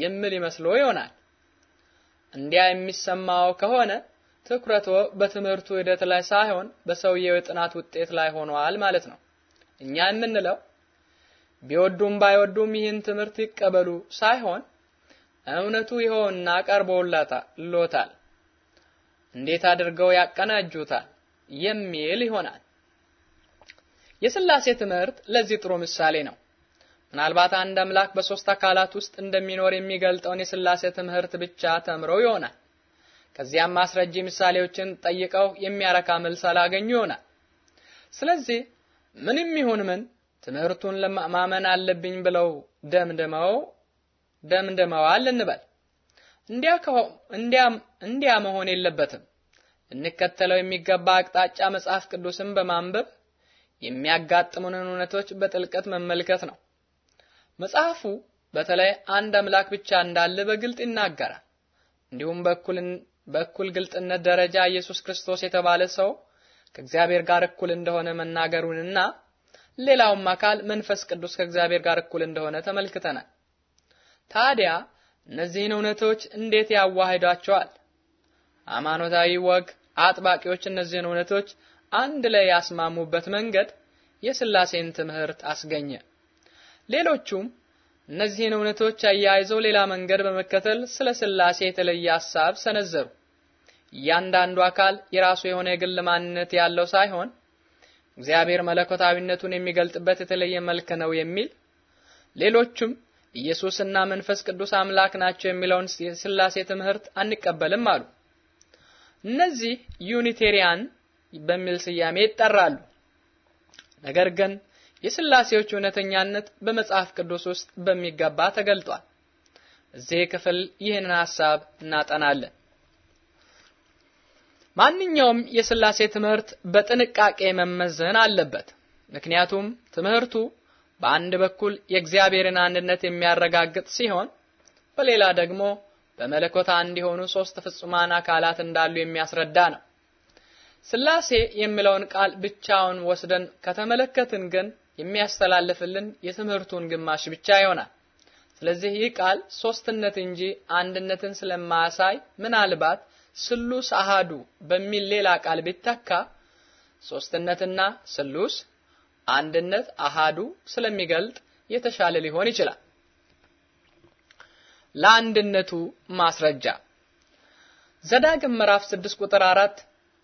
የሚል ይመስሎ ይሆናል። እንዲያ የሚሰማው ከሆነ ትኩረቶ በትምህርቱ ሂደት ላይ ሳይሆን በሰውየው የጥናት ውጤት ላይ ሆኗል ማለት ነው። እኛ የምንለው ቢወዱም ባይወዱም ይህን ትምህርት ይቀበሉ ሳይሆን እውነቱ ይኸውና ቀርቦሎታል፣ እንዴት አድርገው ያቀናጁታል የሚል ይሆናል። የስላሴ ትምህርት ለዚህ ጥሩ ምሳሌ ነው። ምናልባት አንድ አምላክ በሶስት አካላት ውስጥ እንደሚኖር የሚገልጠውን የስላሴ ትምህርት ብቻ ተምረው ይሆናል። ከዚያም ማስረጂ ምሳሌዎችን ጠይቀው የሚያረካ መልስ አላገኙ ይሆናል። ስለዚህ ምንም ይሁን ምን ትምህርቱን ለማመን አለብኝ ብለው ደምድመው ደምድመዋል እንበል። እንዲያ እንዲያ እንዲያ መሆን የለበትም። ልንከተለው የሚገባ አቅጣጫ መጽሐፍ ቅዱስን በማንበብ የሚያጋጥሙንን እውነቶች በጥልቀት መመልከት ነው። መጽሐፉ በተለይ አንድ አምላክ ብቻ እንዳለ በግልጥ ይናገራል። እንዲሁም በኩል በእኩል ግልጥነት ደረጃ ኢየሱስ ክርስቶስ የተባለ ሰው ከእግዚአብሔር ጋር እኩል እንደሆነ መናገሩንና ሌላውም አካል መንፈስ ቅዱስ ከእግዚአብሔር ጋር እኩል እንደሆነ ተመልክተናል። ታዲያ እነዚህን እውነቶች እንዴት ያዋህዷቸዋል? ሃይማኖታዊ ወግ አጥባቂዎች እነዚህን እውነቶች አንድ ላይ ያስማሙበት መንገድ የስላሴን ትምህርት አስገኘ። ሌሎቹም እነዚህን እውነቶች አያይዘው ሌላ መንገድ በመከተል ስለ ስላሴ የተለየ ሐሳብ ሰነዘሩ። እያንዳንዱ አካል የራሱ የሆነ የግል ማንነት ያለው ሳይሆን እግዚአብሔር መለኮታዊነቱን የሚገልጥበት የተለየ መልክ ነው የሚል ሌሎቹም ኢየሱስና መንፈስ ቅዱስ አምላክ ናቸው የሚለውን የስላሴ ትምህርት አንቀበልም አሉ። እነዚህ ዩኒቴሪያን በሚል ስያሜ ይጠራሉ። ነገር ግን የስላሴዎች እውነተኛነት በመጽሐፍ ቅዱስ ውስጥ በሚገባ ተገልጧል። እዚህ ክፍል ይህንን ሐሳብ እናጠናለን። ማንኛውም የስላሴ ትምህርት በጥንቃቄ መመዘን አለበት። ምክንያቱም ትምህርቱ በአንድ በኩል የእግዚአብሔርን አንድነት የሚያረጋግጥ ሲሆን፣ በሌላ ደግሞ በመለኮት አንድ የሆኑ ሶስት ፍጹማን አካላት እንዳሉ የሚያስረዳ ነው። ስላሴ የሚለውን ቃል ብቻውን ወስደን ከተመለከትን ግን የሚያስተላልፍልን የትምህርቱን ግማሽ ብቻ ይሆናል። ስለዚህ ይህ ቃል ሶስትነት እንጂ አንድነትን ስለማያሳይ ምናልባት ስሉስ አሃዱ በሚል ሌላ ቃል ቢተካ ሶስትነትና ስሉስ አንድነት አሃዱ ስለሚገልጥ የተሻለ ሊሆን ይችላል። ለአንድነቱ ማስረጃ ዘዳግም ምዕራፍ 6 ቁጥር 4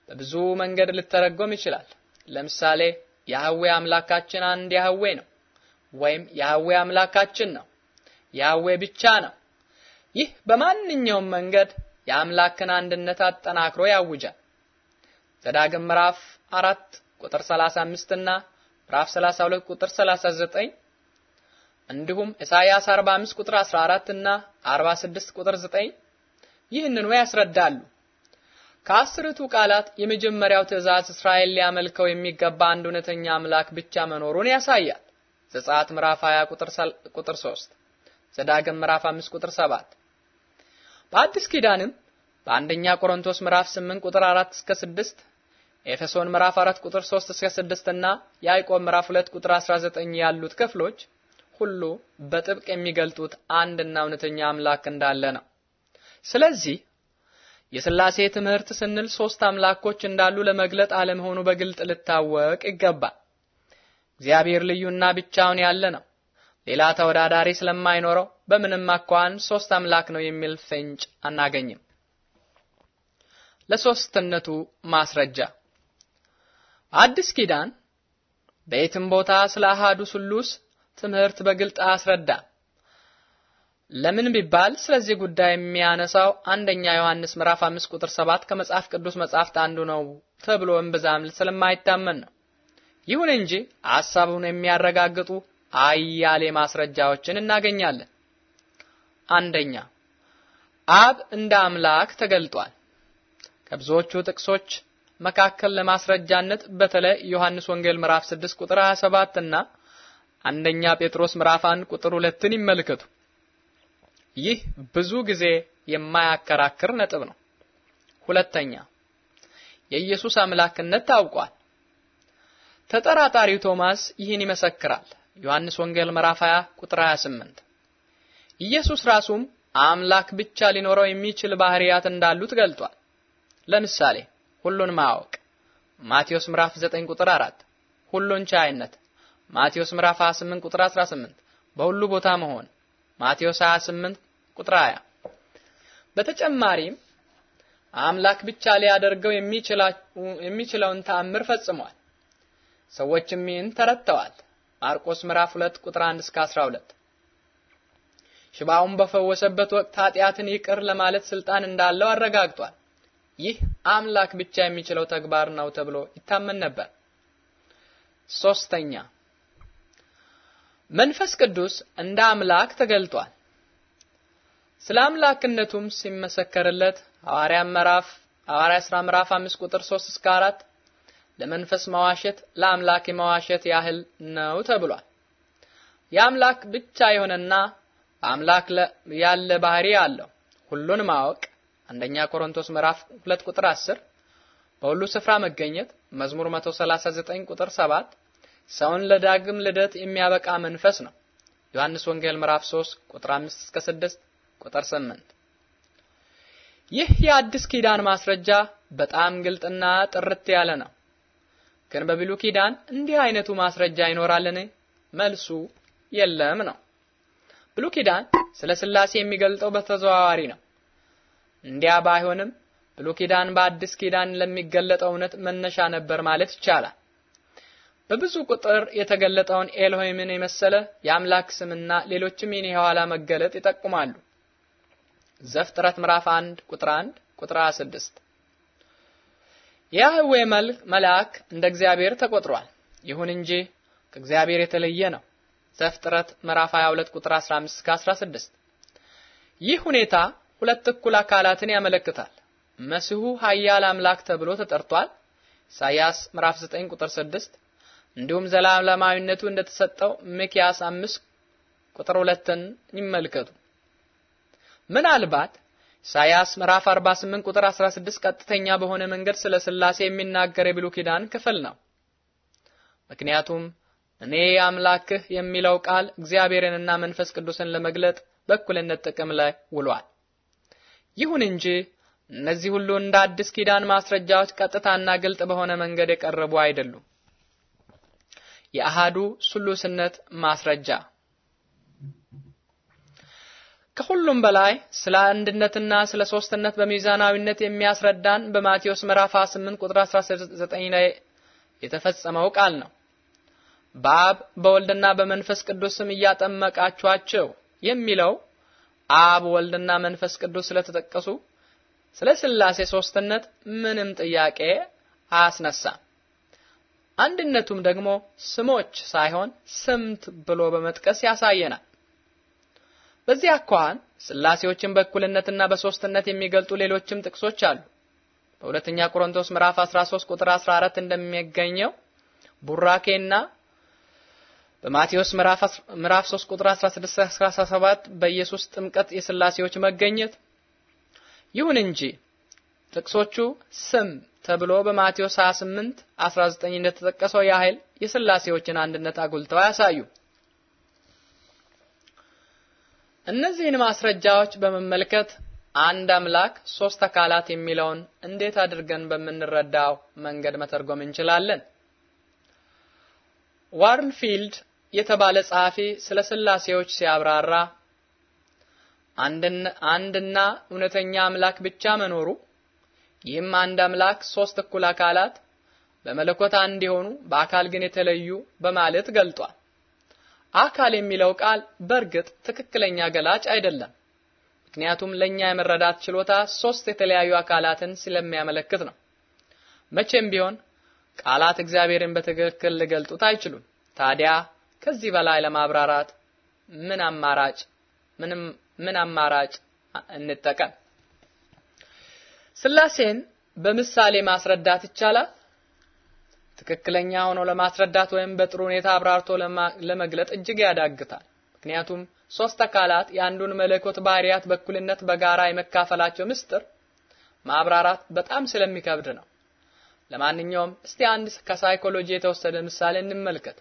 በብዙ መንገድ ሊተረጎም ይችላል። ለምሳሌ ያህዌ አምላካችን አንድ ያህዌ ነው ወይም ያህዌ አምላካችን ነው፣ ያህዌ ብቻ ነው። ይህ በማንኛውም መንገድ የአምላክን አንድነት አጠናክሮ ያውጃል። ዘዳግም ምዕራፍ 4 ቁጥር 35 እና ምዕራፍ 32 ቁጥር 39 እንዲሁም ኢሳይያስ 45 ቁጥር 14 እና 46 ቁጥር 9 ይህንኑ ያስረዳሉ። ከአስርቱ ቃላት የመጀመሪያው ትእዛዝ እስራኤል ሊያመልከው የሚገባ አንድ እውነተኛ አምላክ ብቻ መኖሩን ያሳያል። ዘጸአት ምዕራፍ 20 ቁጥር 3፣ ዘዳግም ምዕራፍ 5 ቁጥር 7 በአዲስ ኪዳንም በአንደኛ ቆሮንቶስ ምዕራፍ 8 ቁጥር 4 እስከ 6 ኤፌሶን ምዕራፍ 4 ቁጥር 3 እስከ 6 እና ያዕቆብ ምዕራፍ 2 ቁጥር 19 ያሉት ክፍሎች ሁሉ በጥብቅ የሚገልጡት አንድና እውነተኛ አምላክ እንዳለ ነው። ስለዚህ የሥላሴ ትምህርት ስንል ሶስት አምላኮች እንዳሉ ለመግለጥ አለመሆኑ በግልጥ ልታወቅ ይገባል። እግዚአብሔር ልዩና ብቻውን ያለ ነው። ሌላ ተወዳዳሪ ስለማይኖረው በምንም አኳን ሶስት አምላክ ነው የሚል ፍንጭ አናገኝም። ለሶስትነቱ ማስረጃ አዲስ ኪዳን በየትም ቦታ ስለ አሃዱ ስሉስ ትምህርት በግልጥ አስረዳ። ለምን ቢባል ስለዚህ ጉዳይ የሚያነሳው አንደኛ ዮሐንስ ምዕራፍ 5 ቁጥር 7 ከመጽሐፍ ቅዱስ መጽሐፍት አንዱ ነው ተብሎ እምብዛም ስለማይታመን ነው። ይሁን እንጂ ሐሳቡን የሚያረጋግጡ አያሌ ማስረጃዎችን እናገኛለን። አንደኛ አብ እንደ አምላክ ተገልጧል። ከብዙዎቹ ጥቅሶች መካከል ለማስረጃነት በተለይ ዮሐንስ ወንጌል ምዕራፍ 6 ቁጥር 27 እና አንደኛ ጴጥሮስ ምዕራፍ 1 ቁጥር 2ን ይመልከቱ። ይህ ብዙ ጊዜ የማያከራክር ነጥብ ነው። ሁለተኛ የኢየሱስ አምላክነት ታውቋል። ተጠራጣሪው ቶማስ ይህን ይመሰክራል። ዮሐንስ ወንጌል ምዕራፍ 20 ቁጥር 28 ኢየሱስ ራሱም አምላክ ብቻ ሊኖረው የሚችል ባህሪያት እንዳሉት ገልጧል። ለምሳሌ ሁሉን ማወቅ ማቴዎስ ምዕራፍ 9 ቁጥር 4፣ ሁሉን ቻይነት ማቴዎስ ምዕራፍ 28 ቁጥር 18፣ በሁሉ ቦታ መሆን ማቴዎስ 28 ቁጥር 20። በተጨማሪም አምላክ ብቻ ሊያደርገው የሚችለውን ተአምር ፈጽሟል። ሰዎችም ይህን ተረድተዋል። ማርቆስ ምዕራፍ 2 ቁጥር 1 እስከ 12 ሽባውን በፈወሰበት ወቅት ኃጢአትን ይቅር ለማለት ስልጣን እንዳለው አረጋግጧል። ይህ አምላክ ብቻ የሚችለው ተግባር ነው ተብሎ ይታመን ነበር። ሶስተኛ መንፈስ ቅዱስ እንደ አምላክ ተገልጧል። ስለ አምላክነቱም ሲመሰከርለት ሐዋርያ ምዕራፍ ሐዋርያ ሥራ ምዕራፍ 5 ቁጥር 3 እስከ 4 ለመንፈስ መዋሸት ለአምላክ የመዋሸት ያህል ነው ተብሏል። የአምላክ ብቻ የሆነና አምላክ ያለ ባህሪ አለው ሁሉን ማወቅ አንደኛ ቆሮንቶስ ምዕራፍ 2 ቁጥር 10 በሁሉ ስፍራ መገኘት መዝሙር 139 ቁጥር 7 ሰውን ለዳግም ልደት የሚያበቃ መንፈስ ነው ዮሐንስ ወንጌል ምዕራፍ 3 ቁጥር 5 እስከ 6 ቁጥር 8 ይህ የአዲስ ኪዳን ማስረጃ በጣም ግልጥና ጥርት ያለ ነው ግን በብሉይ ኪዳን እንዲህ አይነቱ ማስረጃ ይኖራልን መልሱ የለም ነው ብሉይ ኪዳን ስለ ስላሴ የሚገልጠው በተዘዋዋሪ ነው። እንዲያ ባይሆንም ብሉይ ኪዳን በአዲስ ኪዳን ለሚገለጠው እውነት መነሻ ነበር ማለት ይቻላል። በብዙ ቁጥር የተገለጠውን ኤልሆይምን የመሰለ የአምላክ ስምና ሌሎችም ይህን የኋላ መገለጥ ይጠቁማሉ። ዘፍጥረት ምዕራፍ 1 ቁጥር 1 ቁጥር 26 ያህዌ መልክ መልአክ እንደ እግዚአብሔር ተቆጥሯል። ይሁን እንጂ ከእግዚአብሔር የተለየ ነው። ዘፍጥረት ምዕራፍ 22 ቁጥር 15 እስከ 16። ይህ ሁኔታ ሁለት እኩል አካላትን ያመለክታል። መሲሁ ኃያል አምላክ ተብሎ ተጠርቷል። ኢሳይያስ ምዕራፍ 9 ቁጥር 6 እንዲሁም ዘላለማዊነቱ እንደተሰጠው ሚክያስ 5 ቁጥር 2ን ይመልከቱ። ምናልባት ኢሳይያስ ምዕራፍ 48 ቁጥር 16 ቀጥተኛ በሆነ መንገድ ስለ ስላሴ የሚናገር የብሉይ ኪዳን ክፍል ነው። ምክንያቱም እኔ አምላክህ የሚለው ቃል እግዚአብሔርንና መንፈስ ቅዱስን ለመግለጥ በእኩልነት ጥቅም ላይ ውሏል። ይሁን እንጂ እነዚህ ሁሉ እንደ አዲስ ኪዳን ማስረጃዎች ቀጥታና ግልጥ በሆነ መንገድ የቀረቡ አይደሉም። የአሃዱ ስሉስነት ማስረጃ ከሁሉም በላይ ስለ አንድነትና ስለ ሶስትነት በሚዛናዊነት የሚያስረዳን በማቴዎስ ምዕራፍ 28 ቁጥር 19 ላይ የተፈጸመው ቃል ነው። በአብ በወልድና በመንፈስ ቅዱስ ስም እያጠመቃችኋቸው የሚለው አብ ወልድና መንፈስ ቅዱስ ስለተጠቀሱ ስለ ስላሴ ሶስትነት ምንም ጥያቄ አያስነሳም። አንድነቱም ደግሞ ስሞች ሳይሆን ስምት ብሎ በመጥቀስ ያሳየናል። በዚህ አኳኋን ስላሴዎችን በእኩልነትና በሶስትነት የሚገልጡ ሌሎችም ጥቅሶች አሉ። በሁለተኛ ቆሮንቶስ ምዕራፍ 13 ቁጥር 14 እንደሚገኘው ቡራኬና በማቴዎስ ምዕራፍ 3 ቁጥር 16 እስከ 17 በኢየሱስ ጥምቀት የስላሴዎች መገኘት። ይሁን እንጂ ጥቅሶቹ ስም ተብሎ በማቴዎስ 28 19 እንደተጠቀሰው ያህል የስላሴዎችን አንድነት አጉልተው አያሳዩ። እነዚህን ማስረጃዎች በመመልከት አንድ አምላክ ሶስት አካላት የሚለውን እንዴት አድርገን በምንረዳው መንገድ መተርጎም እንችላለን? ዋርንፊልድ የተባለ ጸሐፊ ስለ ስላሴዎች ሲያብራራ አንድና እውነተኛ አምላክ ብቻ መኖሩ ይህም አንድ አምላክ ሶስት እኩል አካላት በመለኮት አንድ የሆኑ በአካል ግን የተለዩ በማለት ገልጧል። አካል የሚለው ቃል በእርግጥ ትክክለኛ ገላጭ አይደለም። ምክንያቱም ለኛ የመረዳት ችሎታ ሶስት የተለያዩ አካላትን ስለሚያመለክት ነው። መቼም ቢሆን ቃላት እግዚአብሔርን በትክክል ሊገልጡት አይችሉም። ታዲያ ከዚህ በላይ ለማብራራት ምን አማራጭ ምንም ምን አማራጭ እንጠቀም? ስላሴን በምሳሌ ማስረዳት ይቻላል። ትክክለኛ ሆኖ ለማስረዳት ወይም በጥሩ ሁኔታ አብራርቶ ለመግለጥ እጅግ ያዳግታል። ምክንያቱም ሶስት አካላት የአንዱን መለኮት ባህሪያት በኩልነት በጋራ የመካፈላቸው ምስጢር ማብራራት በጣም ስለሚከብድ ነው። ለማንኛውም እስቲ አንድ ከሳይኮሎጂ የተወሰደ ምሳሌ እንመልከት።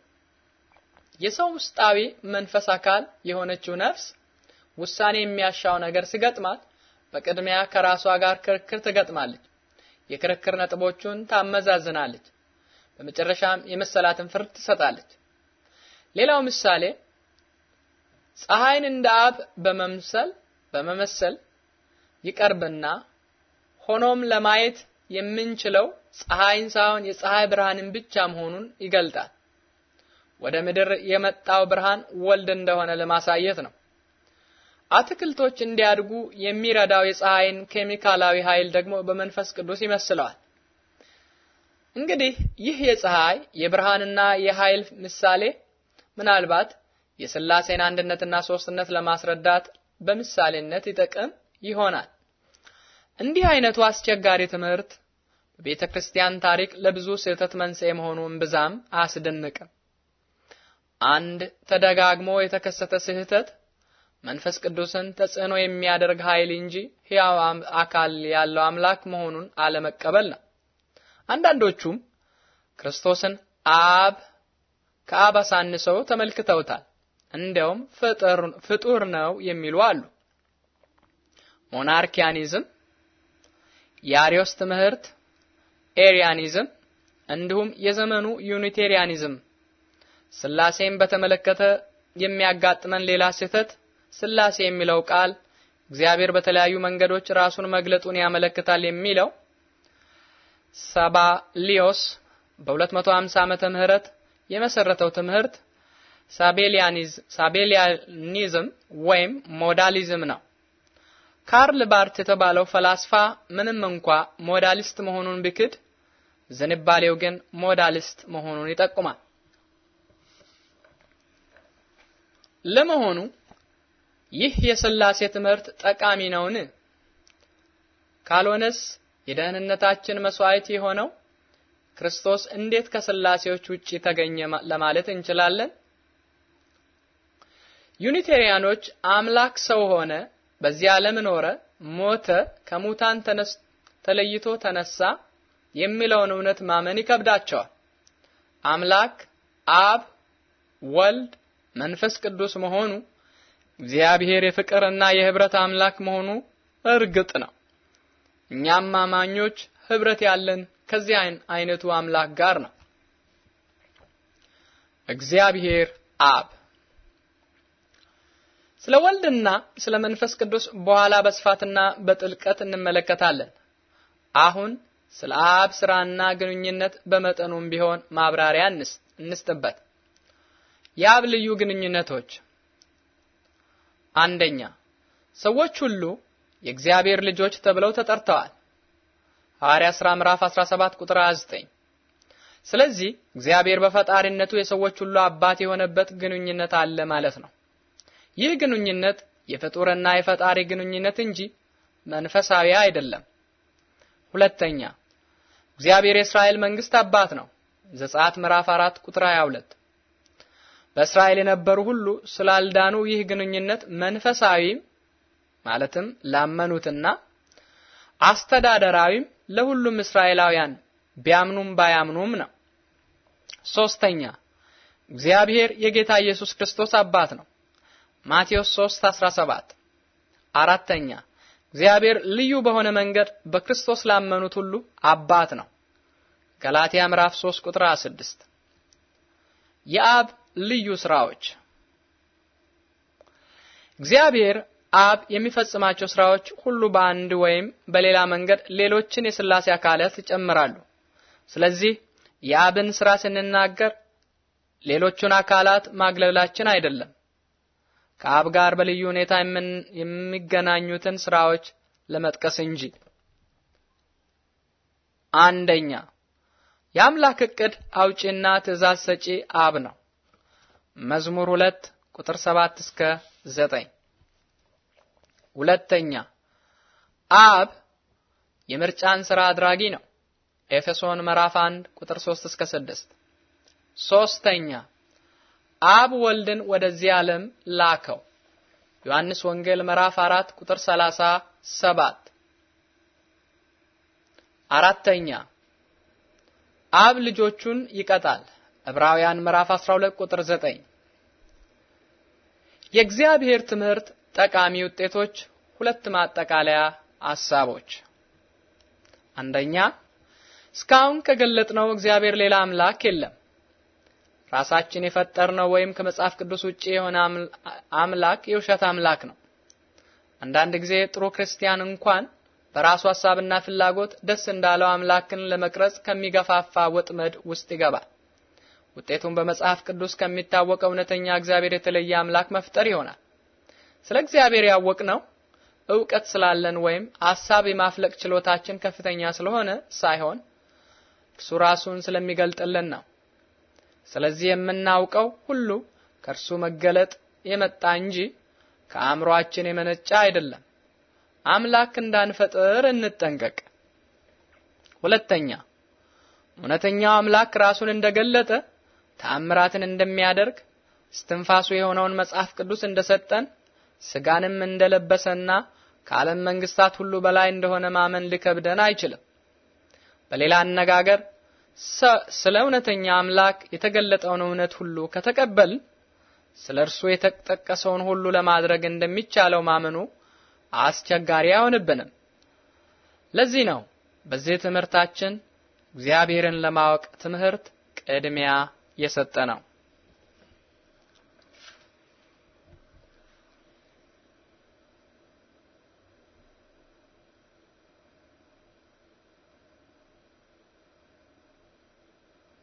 የሰው ውስጣዊ መንፈስ አካል የሆነችው ነፍስ ውሳኔ የሚያሻው ነገር ሲገጥማት በቅድሚያ ከራሷ ጋር ክርክር ትገጥማለች። የክርክር ነጥቦቹን ታመዛዝናለች። በመጨረሻም የመሰላትን ፍርድ ትሰጣለች። ሌላው ምሳሌ ፀሐይን እንደ አብ በመምሰል በመመሰል ይቀርብና ሆኖም ለማየት የምንችለው ፀሐይን ሳይሆን የፀሐይ ብርሃንን ብቻ መሆኑን ይገልጣል። ወደ ምድር የመጣው ብርሃን ወልድ እንደሆነ ለማሳየት ነው። አትክልቶች እንዲያድጉ የሚረዳው የፀሐይን ኬሚካላዊ ኃይል ደግሞ በመንፈስ ቅዱስ ይመስለዋል። እንግዲህ ይህ የፀሐይ የብርሃንና የኃይል ምሳሌ ምናልባት የስላሴን አንድነትና ሶስትነት ለማስረዳት በምሳሌነት ይጠቅም ይሆናል። እንዲህ አይነቱ አስቸጋሪ ትምህርት በቤተ ክርስቲያን ታሪክ ለብዙ ስህተት መንስኤ መሆኑን ብዛም አያስደንቅም። አንድ ተደጋግሞ የተከሰተ ስህተት መንፈስ ቅዱስን ተጽዕኖ የሚያደርግ ኃይል እንጂ ሕያው አካል ያለው አምላክ መሆኑን አለመቀበል ነው። አንዳንዶቹም ክርስቶስን አብ ከአብ አሳንሰው ተመልክተውታል። እንዲያውም ፍጡር ነው የሚሉ አሉ። ሞናርኪያኒዝም፣ የአሪዮስ ትምህርት፣ ኤሪያኒዝም እንዲሁም የዘመኑ ዩኒቴሪያኒዝም ስላሴን በተመለከተ የሚያጋጥመን ሌላ ስህተት ስላሴ የሚለው ቃል እግዚአብሔር በተለያዩ መንገዶች ራሱን መግለጡን ያመለክታል የሚለው ሊዮስ በ250 ዓመተ ምህረት የመሰረተው ትምህርት ሳቤሊያኒዝም ወይም ሞዳሊዝም ነው። ካርል ባርት የተባለው ፈላስፋ ምንም እንኳ ሞዳሊስት መሆኑን ቢክድ፣ ዝንባሌው ግን ሞዳሊስት መሆኑን ይጠቁማል። ለመሆኑ ይህ የስላሴ ትምህርት ጠቃሚ ነውን? ካልሆነስ የደህንነታችን መስዋዕት የሆነው ክርስቶስ እንዴት ከስላሴዎች ውጪ ተገኘ ለማለት እንችላለን? ዩኒቴሪያኖች አምላክ ሰው ሆነ፣ በዚህ ዓለም ኖረ፣ ሞተ፣ ከሙታን ተለይቶ ተነሳ የሚለውን እውነት ማመን ይከብዳቸዋል። አምላክ አብ፣ ወልድ መንፈስ ቅዱስ መሆኑ እግዚአብሔር የፍቅርና የህብረት አምላክ መሆኑ እርግጥ ነው። እኛም አማኞች ህብረት ያለን ከዚህ አይነቱ አምላክ ጋር ነው። እግዚአብሔር አብ ስለ ወልድና ስለ መንፈስ ቅዱስ በኋላ በስፋትና በጥልቀት እንመለከታለን። አሁን ስለ አብ ስራና ግንኙነት በመጠኑም ቢሆን ማብራሪያ እንስጥበት። የአብ ልዩ ግንኙነቶች አንደኛ ሰዎች ሁሉ የእግዚአብሔር ልጆች ተብለው ተጠርተዋል። ሐዋርያ ሥራ ምዕራፍ 17 ቁጥር 29። ስለዚህ እግዚአብሔር በፈጣሪነቱ የሰዎች ሁሉ አባት የሆነበት ግንኙነት አለ ማለት ነው። ይህ ግንኙነት የፍጡርና የፈጣሪ ግንኙነት እንጂ መንፈሳዊ አይደለም። ሁለተኛ እግዚአብሔር የእስራኤል መንግስት አባት ነው። ዘጸአት ምዕራፍ 4 ቁጥር 22 በእስራኤል የነበሩ ሁሉ ስላልዳኑ ይህ ግንኙነት መንፈሳዊም ማለትም ላመኑትና አስተዳደራዊም ለሁሉም እስራኤላውያን ቢያምኑም ባያምኑም ነው። ሶስተኛ እግዚአብሔር የጌታ ኢየሱስ ክርስቶስ አባት ነው። ማቴዎስ 17 አራተኛ እግዚአብሔር ልዩ በሆነ መንገድ በክርስቶስ ላመኑት ሁሉ አባት ነው። ገላትያ ምዕራፍ 3 ቁጥር 26 የአብ ልዩ ስራዎች እግዚአብሔር አብ የሚፈጽማቸው ስራዎች ሁሉ በአንድ ወይም በሌላ መንገድ ሌሎችን የስላሴ አካላት ይጨምራሉ። ስለዚህ የአብን ስራ ስንናገር ሌሎቹን አካላት ማግለላችን አይደለም። ከአብ ጋር በልዩ ሁኔታ የሚገናኙትን ስራዎች ለመጥቀስ እንጂ። አንደኛ የአምላክ እቅድ አውጪና ትእዛዝ ሰጪ አብ ነው። መዝሙር ሁለት ቁጥር ሰባት እስከ ዘጠኝ ሁለተኛ አብ የምርጫን ስራ አድራጊ ነው። ኤፌሶን ምዕራፍ 1 ቁጥር 3 እስከ 6። ሶስተኛ አብ ወልድን ወደዚህ ዓለም ላከው። ዮሐንስ ወንጌል ምዕራፍ 4 ቁጥር 37። አራተኛ አብ ልጆቹን ይቀጣል። ዕብራውያን ምዕራፍ 12 ቁጥር 9። የእግዚአብሔር ትምህርት ጠቃሚ ውጤቶች ሁለት ማጠቃለያ ሐሳቦች፣ አንደኛ እስካሁን ከገለጥነው እግዚአብሔር ሌላ አምላክ የለም። ራሳችን የፈጠርነው ወይም ከመጽሐፍ ቅዱስ ውጪ የሆነ አምላክ የውሸት አምላክ ነው። አንዳንድ ጊዜ ጥሩ ክርስቲያን እንኳን በራሱ ሐሳብና ፍላጎት ደስ እንዳለው አምላክን ለመቅረጽ ከሚገፋፋ ወጥመድ ውስጥ ይገባል። ውጤቱም በመጽሐፍ ቅዱስ ከሚታወቀው እውነተኛ እግዚአብሔር የተለየ አምላክ መፍጠር ይሆናል። ስለ እግዚአብሔር ያወቅ ነው እውቀት ስላለን ወይም ሐሳብ የማፍለቅ ችሎታችን ከፍተኛ ስለሆነ ሳይሆን እርሱ ራሱን ስለሚገልጥልን ነው። ስለዚህ የምናውቀው ሁሉ ከእርሱ መገለጥ የመጣ እንጂ ከአእምሮአችን የመነጫ አይደለም። አምላክ እንዳንፈጥር እንጠንቀቅ። ሁለተኛ እውነተኛው አምላክ ራሱን እንደገለጠ ተአምራትን እንደሚያደርግ እስትንፋሱ የሆነውን መጽሐፍ ቅዱስ እንደሰጠን ስጋንም እንደለበሰና ከዓለም መንግስታት ሁሉ በላይ እንደሆነ ማመን ሊከብደን አይችልም። በሌላ አነጋገር ስለ እውነተኛ አምላክ የተገለጠውን እውነት ሁሉ ከተቀበል ስለ እርሱ የተጠቀሰውን ሁሉ ለማድረግ እንደሚቻለው ማመኑ አስቸጋሪ አይሆንብንም። ለዚህ ነው በዚህ ትምህርታችን እግዚአብሔርን ለማወቅ ትምህርት ቅድሚያ የሰጠ ነው።